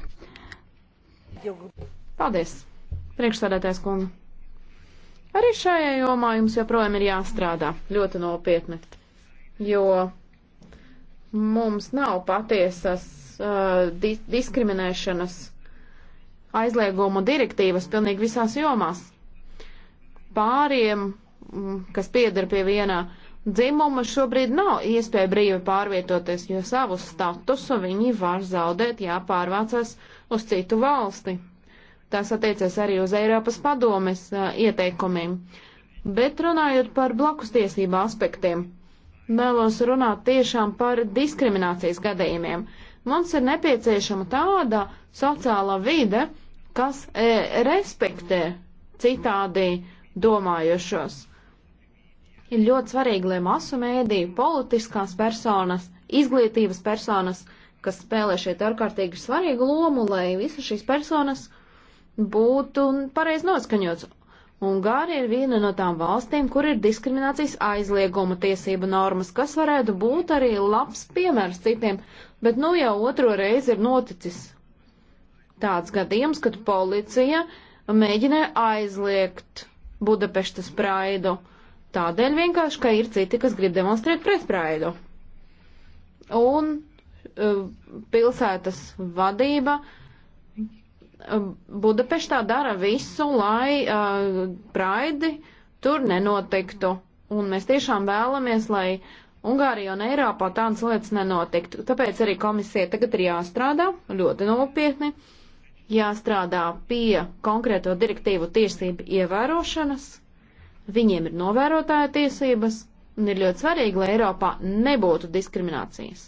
Paldies, priekšsādātājs kundze. Arī šajā jomā jums joprojām ir jāstrādā ļoti nopietni, jo mums nav patiesas uh, di diskriminēšanas aizliegumu direktīvas pilnīgi visās jomās. Pāriem, mm, kas pieder pie vienā dzimuma, šobrīd nav iespēja brīvi pārvietoties, jo savu statusu viņi var zaudēt, jāpārvācas uz citu valsti. Tas attiecas arī uz Eiropas padomes uh, ieteikumiem. Bet runājot par blakus tiesību aspektiem, vēlos runāt tiešām par diskriminācijas gadījumiem. Mums ir nepieciešama tāda sociāla vide, kas e, respektē citādi domājušos. Ir ļoti svarīgi, lai masu mēdī, politiskās personas, izglītības personas, kas spēlē šeit ārkārtīgi svarīgu lomu, lai visas šīs personas būtu pareiz noskaņots. Ungārija ir viena no tām valstīm, kur ir diskriminācijas aizlieguma tiesību normas, kas varētu būt arī labs piemērs citiem, bet nu jau otro reizi ir noticis tāds gadījums, kad policija mēģināja aizliegt Budapeštas praidu. Tādēļ vienkārši, ka ir citi, kas grib demonstrēt pret praidu. Un eh, pilsētas vadība uh, Budapeštā dara visu, lai uh, praidi tur nenotiktu. Un mēs tiešām vēlamies, lai Ungārijā un Eiropā tādas lietas nenotiktu. Tāpēc arī komisija tagad ir jāstrādā ļoti nopietni, jāstrādā pie konkrēto direktīvu tiesību ievērošanas. Viņiem ir novērotāja tiesības un ir ļoti svarīgi, lai Eiropā nebūtu diskriminācijas.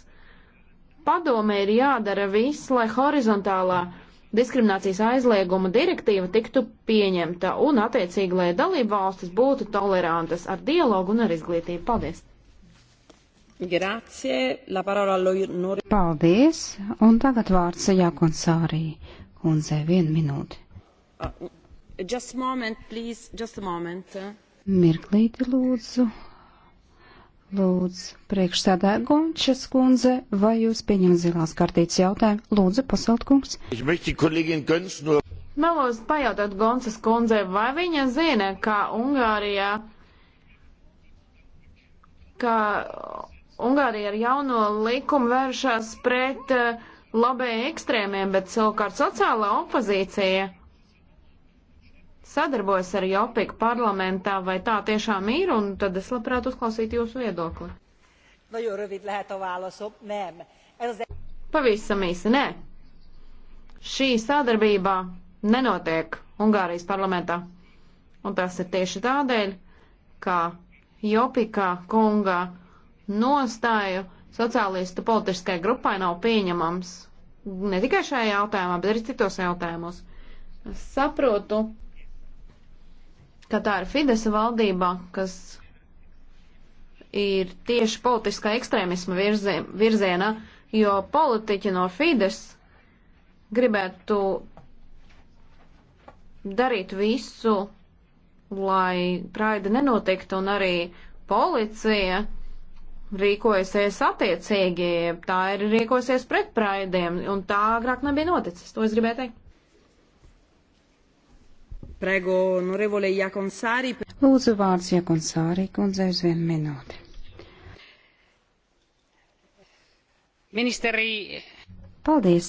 Padome ir jādara viss, lai horizontālā uh, diskriminācijas aizlieguma direktīva tiktu pieņemta un attiecīgi, lai dalību valstis būtu tolerantas ar dialogu un ar izglītību. Paldies! Grazie, la parola allo nori. Paldies, un tagad vārds Jākonsārī. Kundze, vienu minūti. Uh, just a moment, please, just a moment. Mirklīti lūdzu. Lūdzu, priekšsēdē Gunčes kundze, vai jūs pieņemat zilās kartītes jautājumu? Lūdzu, pasault kungs. Vēlos pajautāt Gonces kundzei, vai viņa zina, ka Ungārijā, ka Ungārija ar jauno likumu vēršas pret uh, eh, labēji ekstrēmiem, bet savukārt sociālā opozīcija sadarbojas ar Jopiku parlamentā, vai tā tiešām ir, un tad es labprāt uzklausītu jūsu viedokli. Pavisam īsi, nē. Šī sadarbībā nenotiek Ungārijas parlamentā. Un tas ir tieši tādēļ, ka Jopikā kunga nostāju sociālistu politiskai grupai nav pieņemams. Ne tikai šajā jautājumā, bet arī citos jautājumos. Es saprotu, ka tā ir Fidesa valdība, kas ir tieši politiskā ekstrēmisma virzien, virzienā, jo politiķi no Fides gribētu darīt visu, lai praida nenotiktu, un arī policija rīkojasies attiecīgi, tā ir rīkosies pret praidiem, un tā agrāk nebija noticis. To es gribēju teikt. Prego, onorevole Jakonsāri. Lūdzu vārds Jakonsāri, kundze uz vienu minūti. Ministeri. Paldies.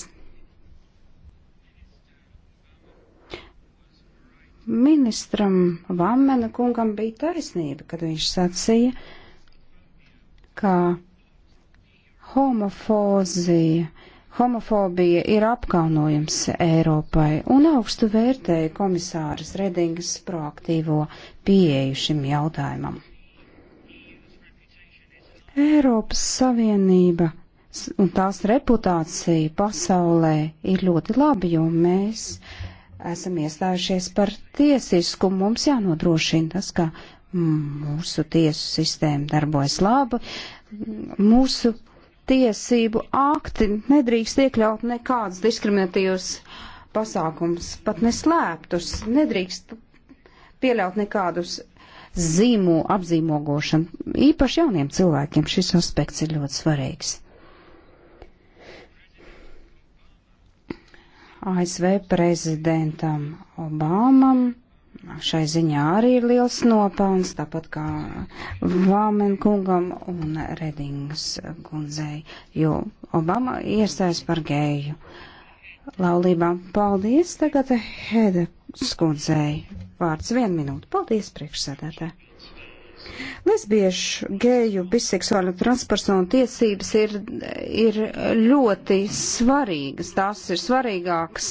Ministram Vammena kungam bija taisnība, kad viņš sacīja, ka homofozija Homofobija ir apkaunojums Eiropai un augstu vērtēja komisāras Redingas proaktīvo pieeju šim jautājumam. Eiropas Savienība un tās reputācija pasaulē ir ļoti labi, jo mēs esam iestājušies par tiesiskumu. Mums jānodrošina tas, ka mūsu tiesu sistēma darbojas labi, mūsu tiesību akti nedrīkst iekļaut nekādus diskriminatīvus pasākums, pat neslēptus, nedrīkst pieļaut nekādus zīmu apzīmogošanu. Īpaši jauniem cilvēkiem šis aspekts ir ļoti svarīgs. ASV prezidentam Obamam šai ziņā arī ir liels nopelns, tāpat kā Vāmen kungam un Redings kundzei, jo Obama iestājas par geju laulībām. Paldies tagad Hede skundzei. Vārds vien minūte. Paldies priekšsēdētē. Lesbiešu, geju, biseksuāļu transpersonu tiesības ir, ir ļoti svarīgas. Tās ir svarīgākas.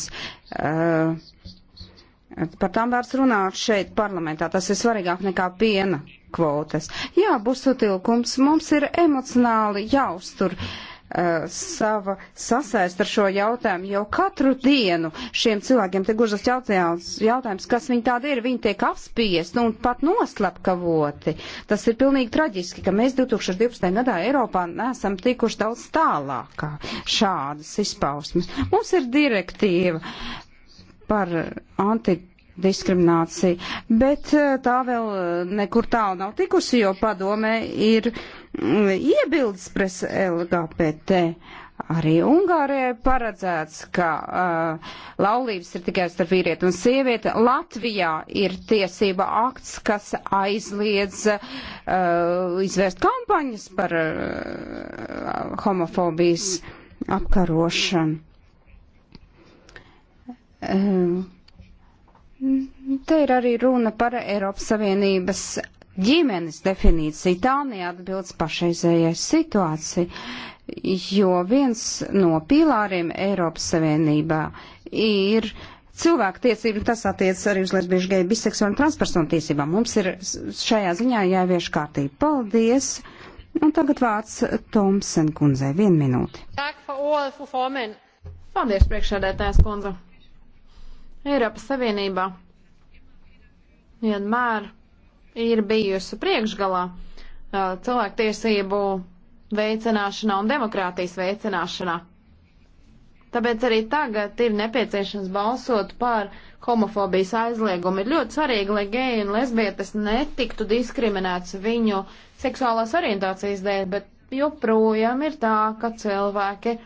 Uh, Par tām vairs runāt šeit parlamentā, tas ir svarīgāk nekā piena kvotas. Jā, būs sutilkums, mums ir emocionāli jāuztur uh, sava sasaist ar šo jautājumu, jo katru dienu šiem cilvēkiem te gužas jautājums, jautājums, kas viņi tādi ir, viņi tiek apspiest un pat noslapkavoti. Tas ir pilnīgi traģiski, ka mēs 2012. gadā Eiropā nesam tikuši daudz tālākā šādas izpausmes. Mums ir direktīva par eh, antidiskrimināciju, bet eh, tā vēl eh, nekur tālu nav tikusi, jo padomē ir mm, iebildes pret LGBT. Arī Ungārijai paredzēts, ka uh, laulības ir tikai starp vīrieti un sievieti. Latvijā ir tiesība akts, kas aizliedz uh, izvērst kampaņas par uh, homofobijas apkarošanu. Ehm, te ir arī runa par Eiropas Savienības ģimenes definīciju. Tā neatbilst pašreizējai situācijai, jo viens no pīlāriem Eiropas Savienībā ir cilvēku tiesību, tas attiecas arī uz lesbiešu, geju, biseksuālu un transpersonu tiesībām. Mums ir šajā ziņā jāievieš kārtība. Paldies! Un tagad vārds Tomsen kundzei. Vienu minūti. Paldies, priekšsēdētājs kundze. Eiropas Savienībā vienmēr ir bijusi priekšgalā uh, cilvēktiesību veicināšanā un demokrātijas veicināšanā. Tāpēc arī tagad ir nepieciešams balsot par homofobijas aizliegumu. Ir ļoti svarīgi, lai geji un lesbietes netiktu diskriminēts viņu seksuālās orientācijas dēļ, bet joprojām ir tā, ka cilvēki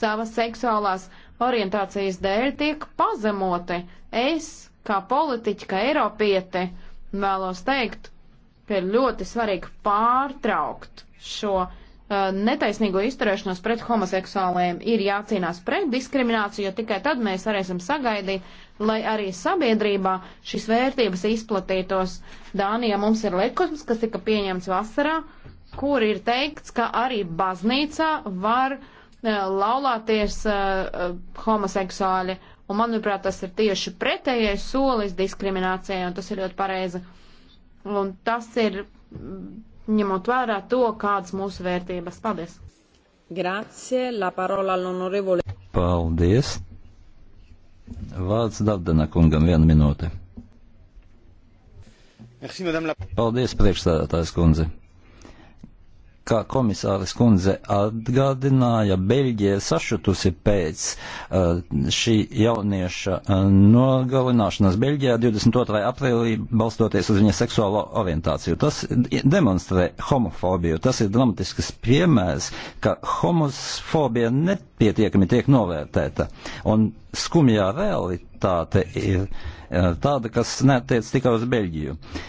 savas seksuālās orientācijas orientācijas dēļ tiek pazemoti. Es, kā politiķi, kā eiropieti, vēlos teikt, ka ir ļoti svarīgi pārtraukt šo uh, netaisnīgo izturēšanos pret homoseksuāliem. Ir jācīnās pret diskrimināciju, jo tikai tad mēs varēsim sagaidīt, lai arī sabiedrībā šīs vērtības izplatītos. Dānijā mums ir likums, kas tika pieņemts vasarā, kur ir teikts, ka arī baznīcā var uh, Eh, laulāties uh, homoseksuāļi. Un, manuprāt, tas ir tieši pretējais solis diskriminācijai, un tas ir ļoti pareizi. Un tas ir mm, ņemot vērā to, kādas mūsu vērtības. Paldies! Grazie, la parola all'onorevole. Paldies! Vārds Dardena kungam viena minūte. Merci, la... Paldies, priekšstādātājs kundze! kā komisāris kundze atgādināja, Beļģija ir sašutusi pēc uh, šī jaunieša uh, nogalināšanas Beļģijā 22. aprīlī, balstoties uz viņa seksuālo orientāciju. Tas demonstrē homofobiju. Tas ir dramatisks piemērs, ka homofobija nepietiekami tiek novērtēta. Un skumjā realitāte ir uh, tāda, kas netiec tikai uz Beļģiju. Uh,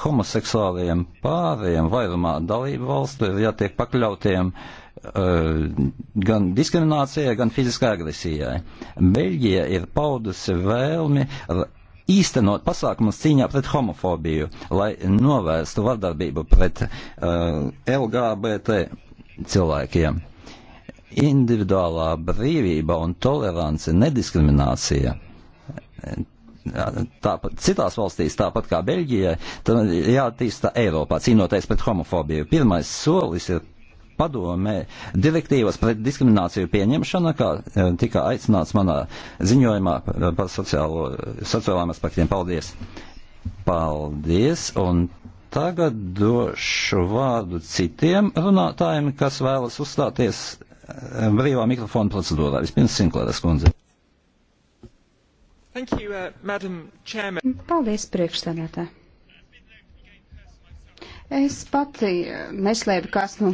homoseksuāliem pāriem vairumā dalību valstu ir jātiek pakļautiem eh, gan diskriminācijai, gan fiziskai agresijai. Beļģija ir paudusi vēlmi īstenot pasākumus cīņā pret homofobiju, lai novērstu vardarbību pret uh, eh, LGBT cilvēkiem. Individuālā brīvība un tolerance, nediskriminācija tāpat citās valstīs, tāpat kā Beļģijai, tad jātīsta Eiropā, cīnoties pret homofobiju. Pirmais solis ir padomē direktīvas pret diskrimināciju pieņemšana, kā eh, tika aicināts manā ziņojumā par sociālo, sociālām aspektiem. Paldies! Paldies! Un tagad došu vārdu citiem runātājiem, kas vēlas uzstāties eh, brīvā mikrofona procedūrā. Vispirms Sinklēras kundze. You, uh, Paldies, priekšstādātā. Es pati neslēpu, eh, ka esmu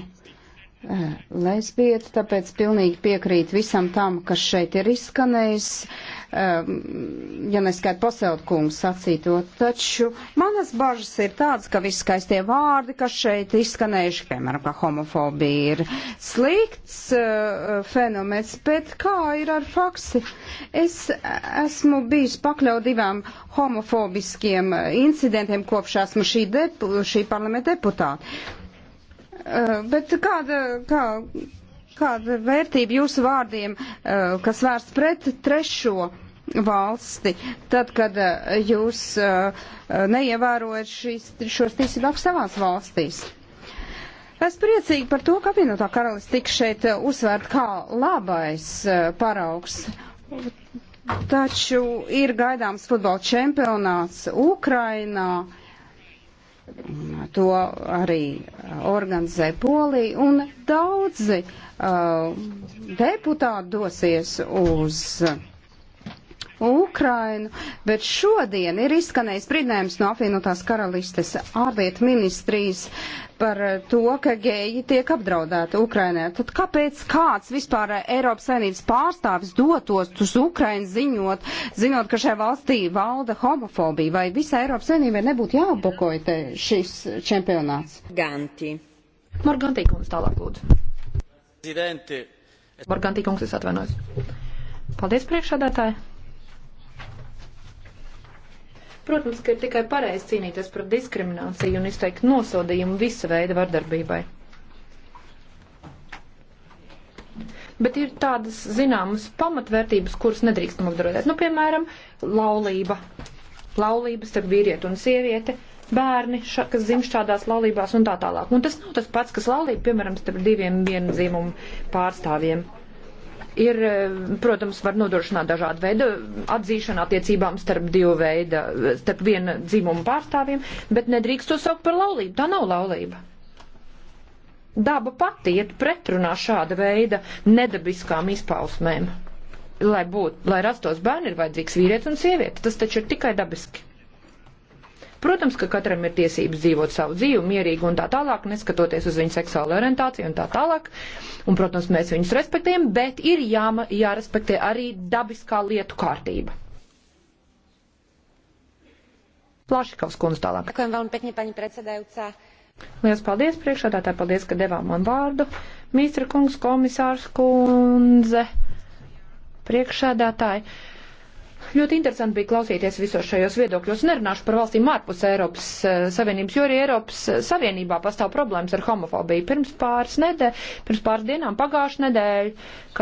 eh, lesbieta, tāpēc pilnīgi piekrīt visam tam, kas šeit ir izskanējis. Ehm, ja neskait Poselkungs sacīto. Taču manas bažas ir tādas, ka visi skaistie vārdi, kas šeit izskanējuši, piemēram, ka homofobija ir slikts eh, fenomens, bet kā ir ar faksi? Es esmu bijis pakļaut divām homofobiskiem incidentiem kopš esmu šī, depu, šī parlamenta deputāta. Ehm, bet kāda, kā, Kāda vērtība jūsu vārdiem, eh, kas vērsts pret trešo valsti, tad, kad eh, jūs eh, neievērojat šis, šos tiesību aktus savās valstīs? Es priecīgi par to, ka apvienotā karalists tika šeit uzsvērt kā labais paraugs. Taču ir gaidāms futbola čempionāts Ukrainā. To arī uh, organizē Polija un daudzi uh, deputāti dosies uz. Uh, Ukrainu, bet šodien ir izskanējis brīdinājums no apvienotās karalistes ārlietu ministrijas par to, ka geji tiek apdraudēti Ukrainē. Tad kāpēc kāds vispār Eiropas saimnības pārstāvis dotos uz Ukrainu ziņot, zinot, ka šajā valstī valda homofobija, vai visai Eiropas saimnībai nebūtu jāapbokoja šis čempionāts? Ganti. Morgantī kungs tālāk lūdzu. Presidente. Morgantī kungs, es atvainojos. Paldies priekšādātāji. Protams, ka ir tikai pareizi cīnīties par diskrimināciju un izteikt nosodījumu visa veida vardarbībai. Bet ir tādas zināmas pamatvērtības, kuras nedrīkstam apdraudēt. Nu, piemēram, laulība. Laulība starp vīrieti un sievieti, bērni, ša, kas dzimš šādās laulībās un tā tālāk. Un tas nav tas pats, kas laulība, piemēram, starp diviem viendzīmumu pārstāvjiem ir, e, protams, var nodrošināt dažādu veidu atzīšanu attiecībām starp divu veidu, starp viena dzimuma pārstāvjiem, bet nedrīkst to saukt par laulību. Tā nav laulība. Daba pati iet pretrunā šāda veida nedabiskām izpausmēm. Lai būtu, lai rastos bērni, ir vajadzīgs vīrietis un sieviete. Tas taču ir tikai dabiski. Protams, ka katram ir tiesības dzīvot savu dzīvi mierīgi un tā tālāk, neskatoties uz viņu seksuālo orientāciju un tā tālāk. Un, protams, mēs viņus respektējam, bet ir jāma, jārespektē arī dabiskā lietu kārtība. Plašikovs kundze tālāk. Ďakujem veľmi pekne, pani predsedajúca. Lielas paldies priekšādātāji, paldies, ka devām man vārdu. Ministra kungs, komisārs kundze, priekšādātāji. Ļoti interesanti bija klausīties visos šajos viedokļos. Nerunāšu par valstīm ārpus Eiropas eh, Savienības, jo arī Eiropas eh, Savienībā pastāv problēmas ar homofobiju. Pirms pāris, nedē, pirms pāris dienām pagājušā nedēļa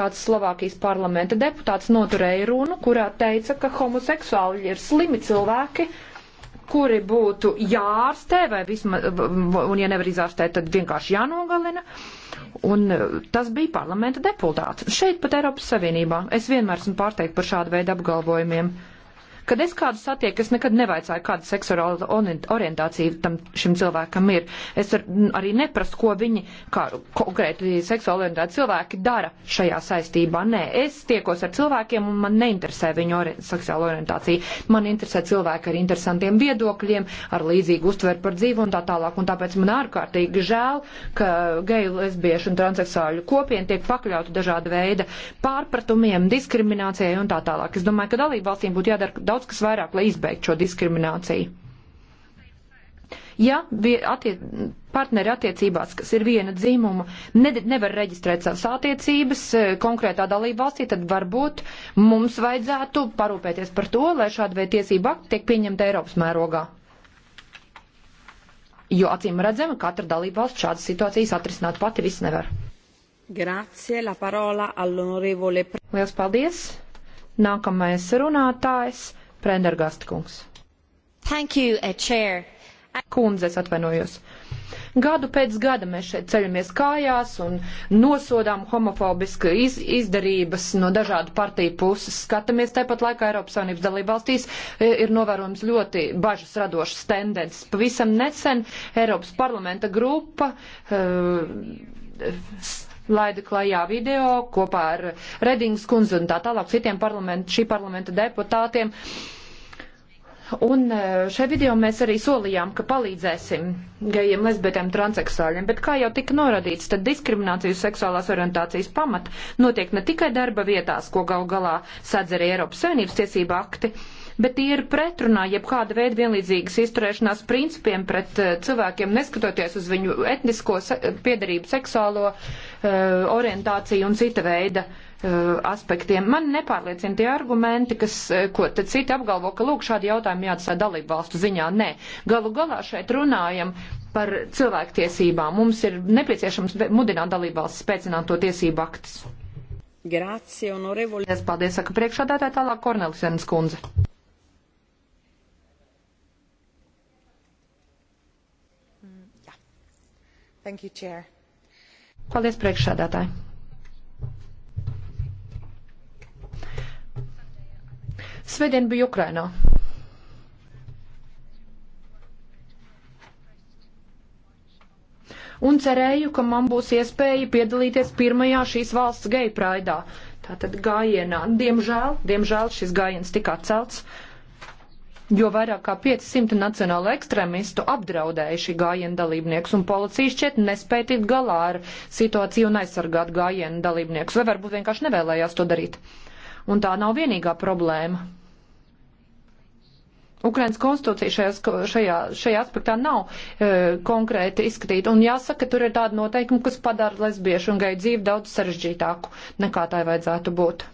kāds Slovākijas parlamenta deputāts noturēja runu, kurā teica, ka homoseksuāli ir slimi cilvēki kuri būtu jāārstē, vai vismaz, un ja nevar izārstēt, tad vienkārši jānogalina. Un e, tas bija parlamenta deputāts. Šeit pat Eiropas Savienībā. Es vienmēr esmu pārsteigta par šādu veidu apgalvojumiem. Uh, Kad es kādu satieku, es nekad nevaicāju, kāda seksuāla orientācija tam šim cilvēkam ir. Es ar, arī neprasu, ko viņi, kā konkrēti seksuāli orientēti cilvēki dara šajā saistībā. Nē, es tiekos ar cilvēkiem un man neinteresē viņu ori seksuāla orientācija. Man interesē cilvēki ar interesantiem viedokļiem, ar līdzīgu uztveru par dzīvi un tā tālāk. Un tāpēc man ārkārtīgi žēl, ka geju, lesbiešu un transseksuāļu kopiena tiek pakļauta dažāda veida pārpratumiem, diskriminācijai un tā tālāk. Es domāju, ka dalību valstīm būtu jādara daudz daudz kas vairāk, lai izbeigtu šo diskrimināciju. Ja attie partneri attiecībās, kas ir viena dzimuma, ne nevar reģistrēt savas attiecības e, konkrētā dalība valstī, tad varbūt mums vajadzētu parūpēties par to, lai šāda veida tiesība akti tiek pieņemta Eiropas mērogā. Jo acīm redzama, katra dalība valsts šādas situācijas atrisināt pati viss nevar. Grazie, la parola all'onorevole. Liels paldies. Nākamais runātājs Prendergastkungs. Thank you, uh, Chair. Kundzes atvainojos. Gadu pēc gada mēs šeit ceļamies kājās un nosodām homofobisku iz, izdarības no dažādu partiju puses. Skatāmies, tāpat laikā Eiropas Savienības dalībvalstīs e, ir novērojams ļoti bažas radošas tendences. Pavisam nesen Eiropas parlamenta grupa. Uh, laida klajā video kopā ar Redings kundzi un tā tālāk citiem parlamentu, šī parlamenta deputātiem. Uh, Un e, šai video mēs arī solījām, ka palīdzēsim gejiem, lesbietēm, transseksuāļiem, bet kā jau tika norādīts, tad diskriminācija uz seksuālās orientācijas pamata notiek ne tikai darba vietās, ko gal galā sadz arī Eiropas Savienības tiesība akti, bet tie ir pretrunā jebkāda veida vienlīdzīgas izturēšanās principiem pret e, cilvēkiem, neskatoties uz viņu etnisko piedarību, seksuālo uh, orientāciju un cita veida uh, Uh, aspektiem. Man nepārliecina tie argumenti, kas, uh, ko te citi apgalvo, ka lūk, šādi jautājumi jāatstāja dalību valstu ziņā. Nē, galu galā šeit runājam par cilvēktiesībām. Mums ir nepieciešams mudināt dalību valsts spēcināt to tiesību aktus. Grācija, honorevoli. Es paldies, saka priekšādātāja tālāk Kornelisens kundze. Mm, yeah. Thank you, Chair. Paldies, priekšādātāji. Svētdien biju Ukrainā. Un cerēju, ka man būs iespēja piedalīties pirmajā šīs valsts geju praidā. Tātad gājienā. Diemžēl, diemžēl šis gājiens tika atcelts, jo vairāk kā 500 nacionāla ekstremistu apdraudēja šī gājiena dalībnieks, un policija šķiet nespēja tikt galā ar situāciju un aizsargāt gājiena dalībniekus, vai varbūt vienkārši nevēlējās to darīt. Un tā nav vienīgā problēma. Ukrainas konstitūcija šajās, šajā, šajā aspektā nav e, konkrēti izskatīta. Un jāsaka, tur ir tāda noteikuma, kas padara lesbiešu un gaidu dzīvi daudz sarežģītāku nekā tai vajadzētu būt.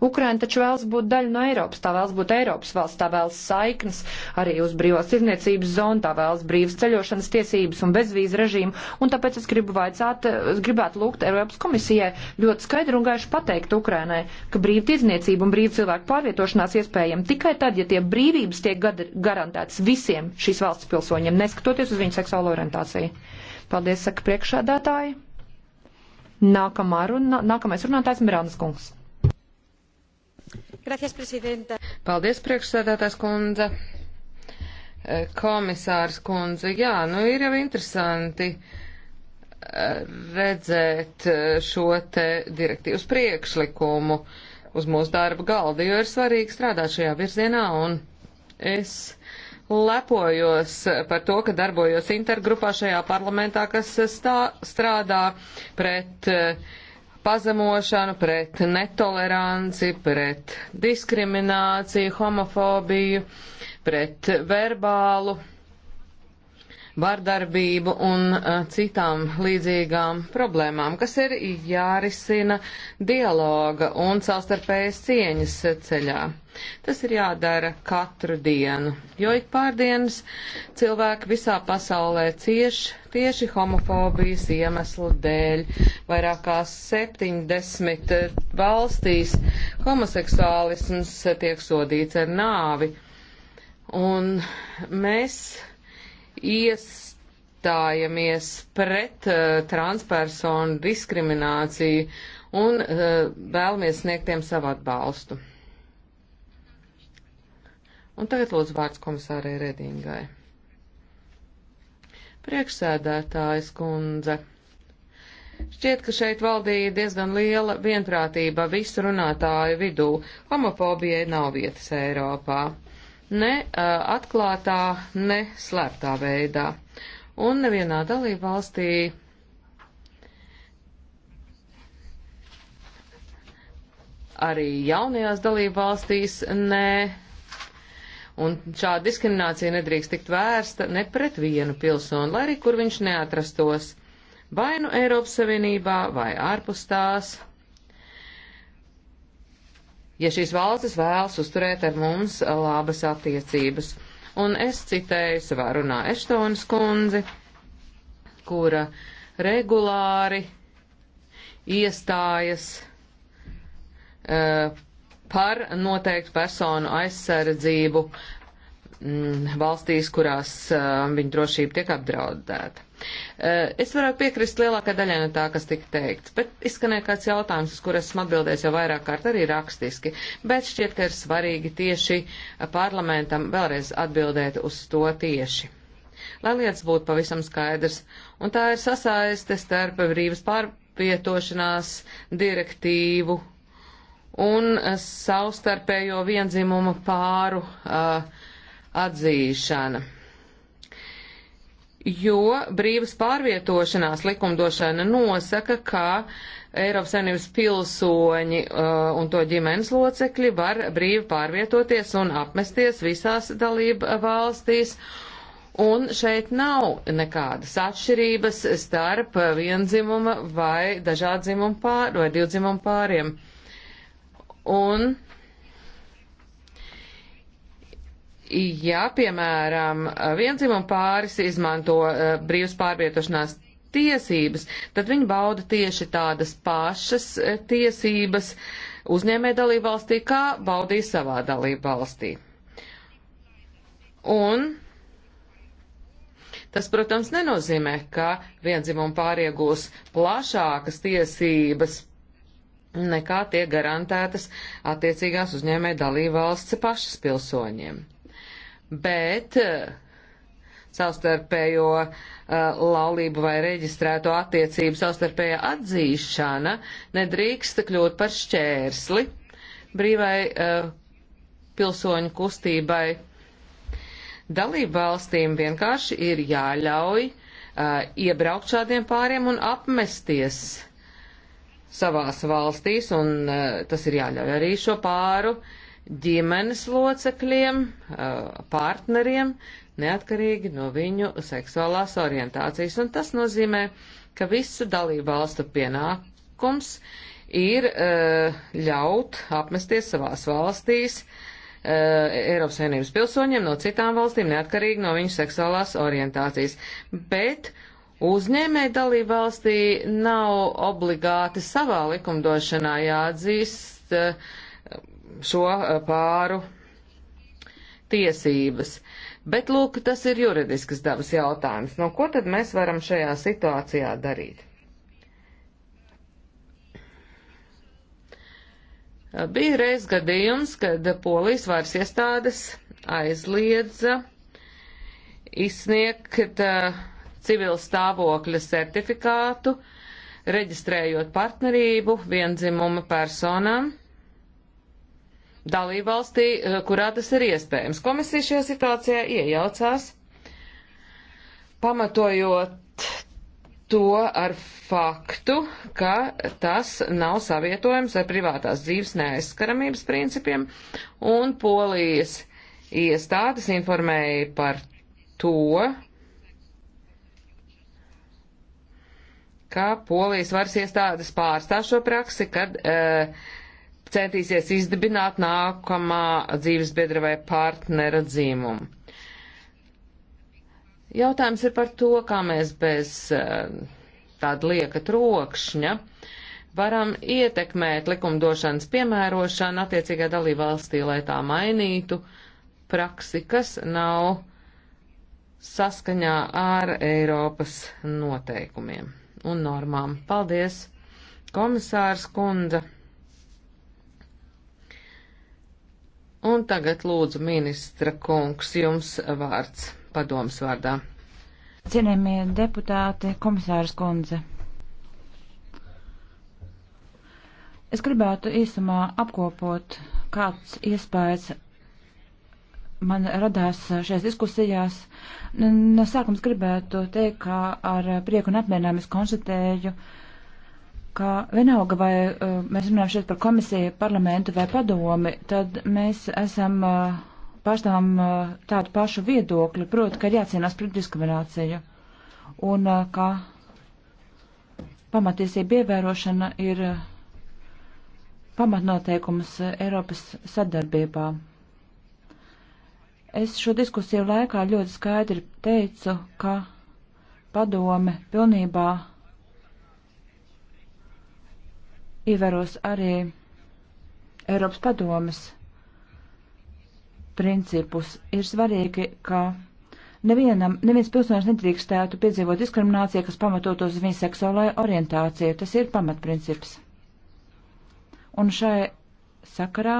Ukraina taču vēlas būt daļa no Eiropas, tā vēlas būt Eiropas valsts, tā vēlas saiknes arī uz brīvās tirniecības zonu, tā vēlas brīvas ceļošanas tiesības un bezvīzu režīmu, un tāpēc es gribu vaicāt, es gribētu lūgt Eiropas komisijai ļoti skaidri un gaiši pateikt Ukrainai, ka brīva tirniecība un brīva cilvēku pārvietošanās iespējama tikai tad, ja tie brīvības tiek garantētas visiem šīs valsts pilsoņiem, neskatoties uz viņu seksuālo orientāciju. Paldies, saka priekšādātāji. Nākamā runa, nākamais runātājs Mirānas kungs. Gracias, prezidenta. Paldies, priekšsēdētājs kundze. Eh, komisārs kundze, jā, nu ir jau interesanti eh, redzēt eh, šo te direktīvas priekšlikumu uz mūsu darba galda, jo ir svarīgi strādāt šajā virzienā, un es lepojos par to, ka darbojos intergrupā šajā parlamentā, kas stā, strādā pret uh, pazemošanu, pret netoleranci, pret diskrimināciju, homofobiju, pret verbālu vardarbību un uh, citām līdzīgām problēmām, kas ir jārisina dialoga un savstarpējas cieņas ceļā. Tas ir jādara katru dienu, jo ik pārdienas cilvēki visā pasaulē cieš tieši homofobijas iemeslu dēļ. Vairākās 70 valstīs homoseksuālisms tiek sodīts ar nāvi. Un mēs iestājamies pret uh, transpersonu diskrimināciju un uh, vēlamies sniegt tiem savu atbalstu. Un tagad lūdzu vārds komisārai Redingai. Priekšsēdētājas kundze. Šķiet, ka šeit valdīja diezgan liela vienprātība visu runātāju vidū. Homofobijai nav vietas Eiropā ne uh, atklātā, ne slēptā veidā. Un nevienā dalība valstī arī jaunajās dalība valstīs nē. Un šāda diskriminācija nedrīkst tikt vērsta ne pret vienu pilsoni, lai arī kur viņš neatrastos, vai nu Eiropas Savienībā, vai ārpus tās ja šīs valstis vēlas uzturēt ar mums labas attiecības. Un es citēju savā runā Eštonas kundzi, kura regulāri iestājas uh, par noteiktu personu aizsardzību uh, mm, valstīs, kurās uh, viņa drošība tiek apdraudēta. Uh, es varētu piekrist lielākai daļai no tā, kas tika teikts, bet izskanēja kāds jautājums, uz kur esmu atbildējis jau vairāk kārt arī rakstiski, bet šķiet, ka ir svarīgi tieši parlamentam vēlreiz atbildēt uz to tieši. Lai lietas būtu pavisam skaidrs, un tā ir sasaiste starp brīvas pārvietošanās direktīvu un savstarpējo viendzimumu pāru uh, atzīšana. Jo brīvas pārvietošanās likumdošana nosaka, ka Eiropas Savienības pilsoņi uh, un to ģimenes locekļi var brīvi pārvietoties un apmesties visās dalība valstīs. Un šeit nav nekādas atšķirības starp vienzimuma vai dažādzimuma pār vai divdzimuma pāriem. Un ja, piemēram, viendzimuma pāris izmanto eh, brīvas pārvietošanās tiesības, tad viņi bauda tieši tādas pašas eh, tiesības uzņēmē dalībvalstī, kā baudīja savā dalībvalstī. Un tas, protams, nenozīmē, ka viendzimuma pāriegūs plašākas tiesības nekā tiek garantētas attiecīgās uzņēmē dalībvalsts pašas pilsoņiem bet eh, savstarpējo uh, laulību vai reģistrēto attiecību savstarpējā atzīšana nedrīkst kļūt par šķērsli brīvai uh, pilsoņu kustībai. Dalību valstīm vienkārši ir jāļauj uh, iebraukt šādiem pāriem un apmesties savās valstīs, un tas ir jāļauj arī šo pāru uh, ģimenes locekļiem, partneriem, neatkarīgi no viņu seksuālās orientācijas. Un tas nozīmē, ka visu dalību valstu pienākums ir ļaut apmesties savās valstīs Eiropas Savienības pilsoņiem no citām valstīm, neatkarīgi no viņu seksuālās orientācijas. Bet Uzņēmēji dalību valstī nav obligāti savā likumdošanā jāatzīst uh, šo eh, pāru tiesības. Bet, lūk, tas ir juridiskas dabas jautājums. No ko tad mēs varam šajā situācijā darīt? Bija reiz gadījums, kad polijas vairs iestādes aizliedza izsniegt eh, civil stāvokļa certifikātu, reģistrējot partnerību viendzimuma personām dalībvalstī, eh, kurā tas ir iespējams. Komisija šajā situācijā iejaucās, pamatojot to ar faktu, ka tas nav savietojams ar privātās dzīves neaizskaramības principiem, un polijas iestādes informēja par to, ka polijas varas iestādes pārstāv šo praksi, kad uh, e, centīsies izdibināt nākamā dzīves biedra vai partnera dzīmumu. Jautājums ir par to, kā mēs bez eh, tāda lieka trokšņa varam ietekmēt likumdošanas piemērošanu attiecīgā dalībvalstī, lai tā mainītu praksi, kas nav saskaņā ar Eiropas noteikumiem un normām. Paldies, komisārs Kunda! Un tagad lūdzu ministra kungs jums vārds padoms vārdā. Cienījamie deputāti, komisārs kundze. Es gribētu īsumā apkopot, kāds iespējas man radās šajās diskusijās. No sākums gribētu teikt, ka ar prieku un apmierinājumu es konstatēju, uh, ka vienalga vai uh, mēs runājam šeit par komisiju, parlamentu vai padomi, tad mēs esam uh, pārstāvam uh, tādu pašu viedokli, proti, ka ir jācīnās pret diskrimināciju un uh, ka pamatiesība ievērošana ir uh, pamatnoteikums uh, Eiropas sadarbībā. Es šo diskusiju laikā ļoti skaidri teicu, ka padome pilnībā ievēros arī Eiropas padomas principus. Ir svarīgi, ka nevienam, neviens pilsonis nedrīkstētu piedzīvot diskrimināciju, kas pamatotos uz viņa seksuālajai orientācijai. Tas ir pamatprincips. Un šai sakarā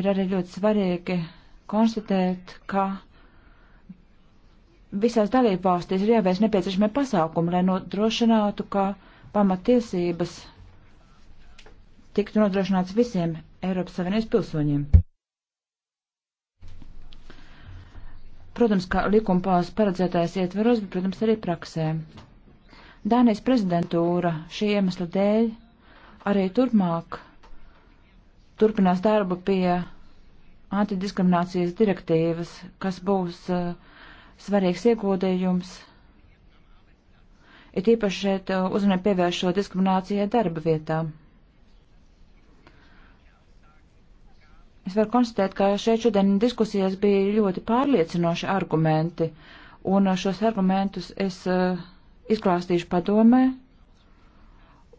ir arī ļoti svarīgi konstatēt, ka visās dalībvalstīs ir jāveic nepieciešamie pasākumi, lai nodrošinātu, ka pamatiesības tiktu nodrošināts visiem Eiropas Savienības pilsoņiem. Protams, kā likumpās paredzētais ietveros, bet, protams, arī praksē. Dānijas prezidentūra šī iemesla dēļ arī turpmāk turpinās darbu pie antidiskriminācijas direktīvas, kas būs uh, svarīgs iegūdījums. Ir īpaši šeit uh, uzmanību pievēršot diskriminācijai darba vietām. Es varu konstatēt, ka šeit šodien diskusijās bija ļoti pārliecinoši argumenti, un šos argumentus es uh, izklāstīšu padomē,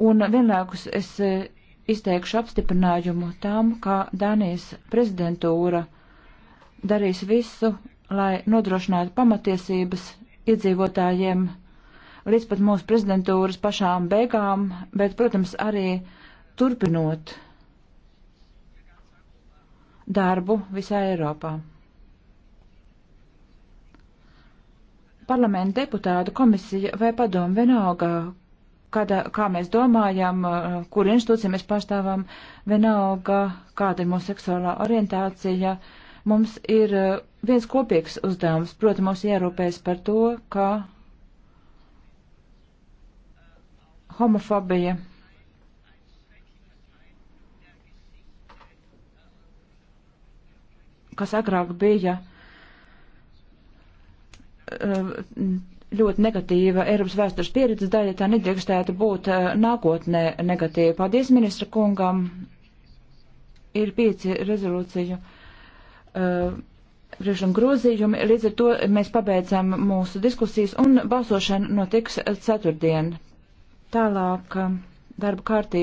un vienlaikus es uh, izteikšu apstiprinājumu tam, ka Dānijas prezidentūra darīs visu, lai nodrošinātu pamatiesības iedzīvotājiem līdz pat mūsu prezidentūras pašām beigām, bet, protams, arī turpinot darbu visā Eiropā. Parlamenta deputātu komisija vai padomu vienalga, kādā, kā mēs domājam, kur institūcija mēs pārstāvam, vienalga, kāda ir mūsu seksuālā orientācija, mums ir eh, viens kopīgs uzdevums. Protams, mums jārūpēs par to, ka homofobija kas agrāk bija eh, ļoti negatīva Eiropas vēstures pieredzes daļa, tā nedrīkstētu būt eh, nākotnē negatīva. Paldies ministra kungam. Ir pieci rezolūciju eh, priekšlikuma grozījumi. Līdz ar to mēs pabeidzam mūsu diskusijas un balsošana notiks ceturtdien. Tālāk darba kārtība.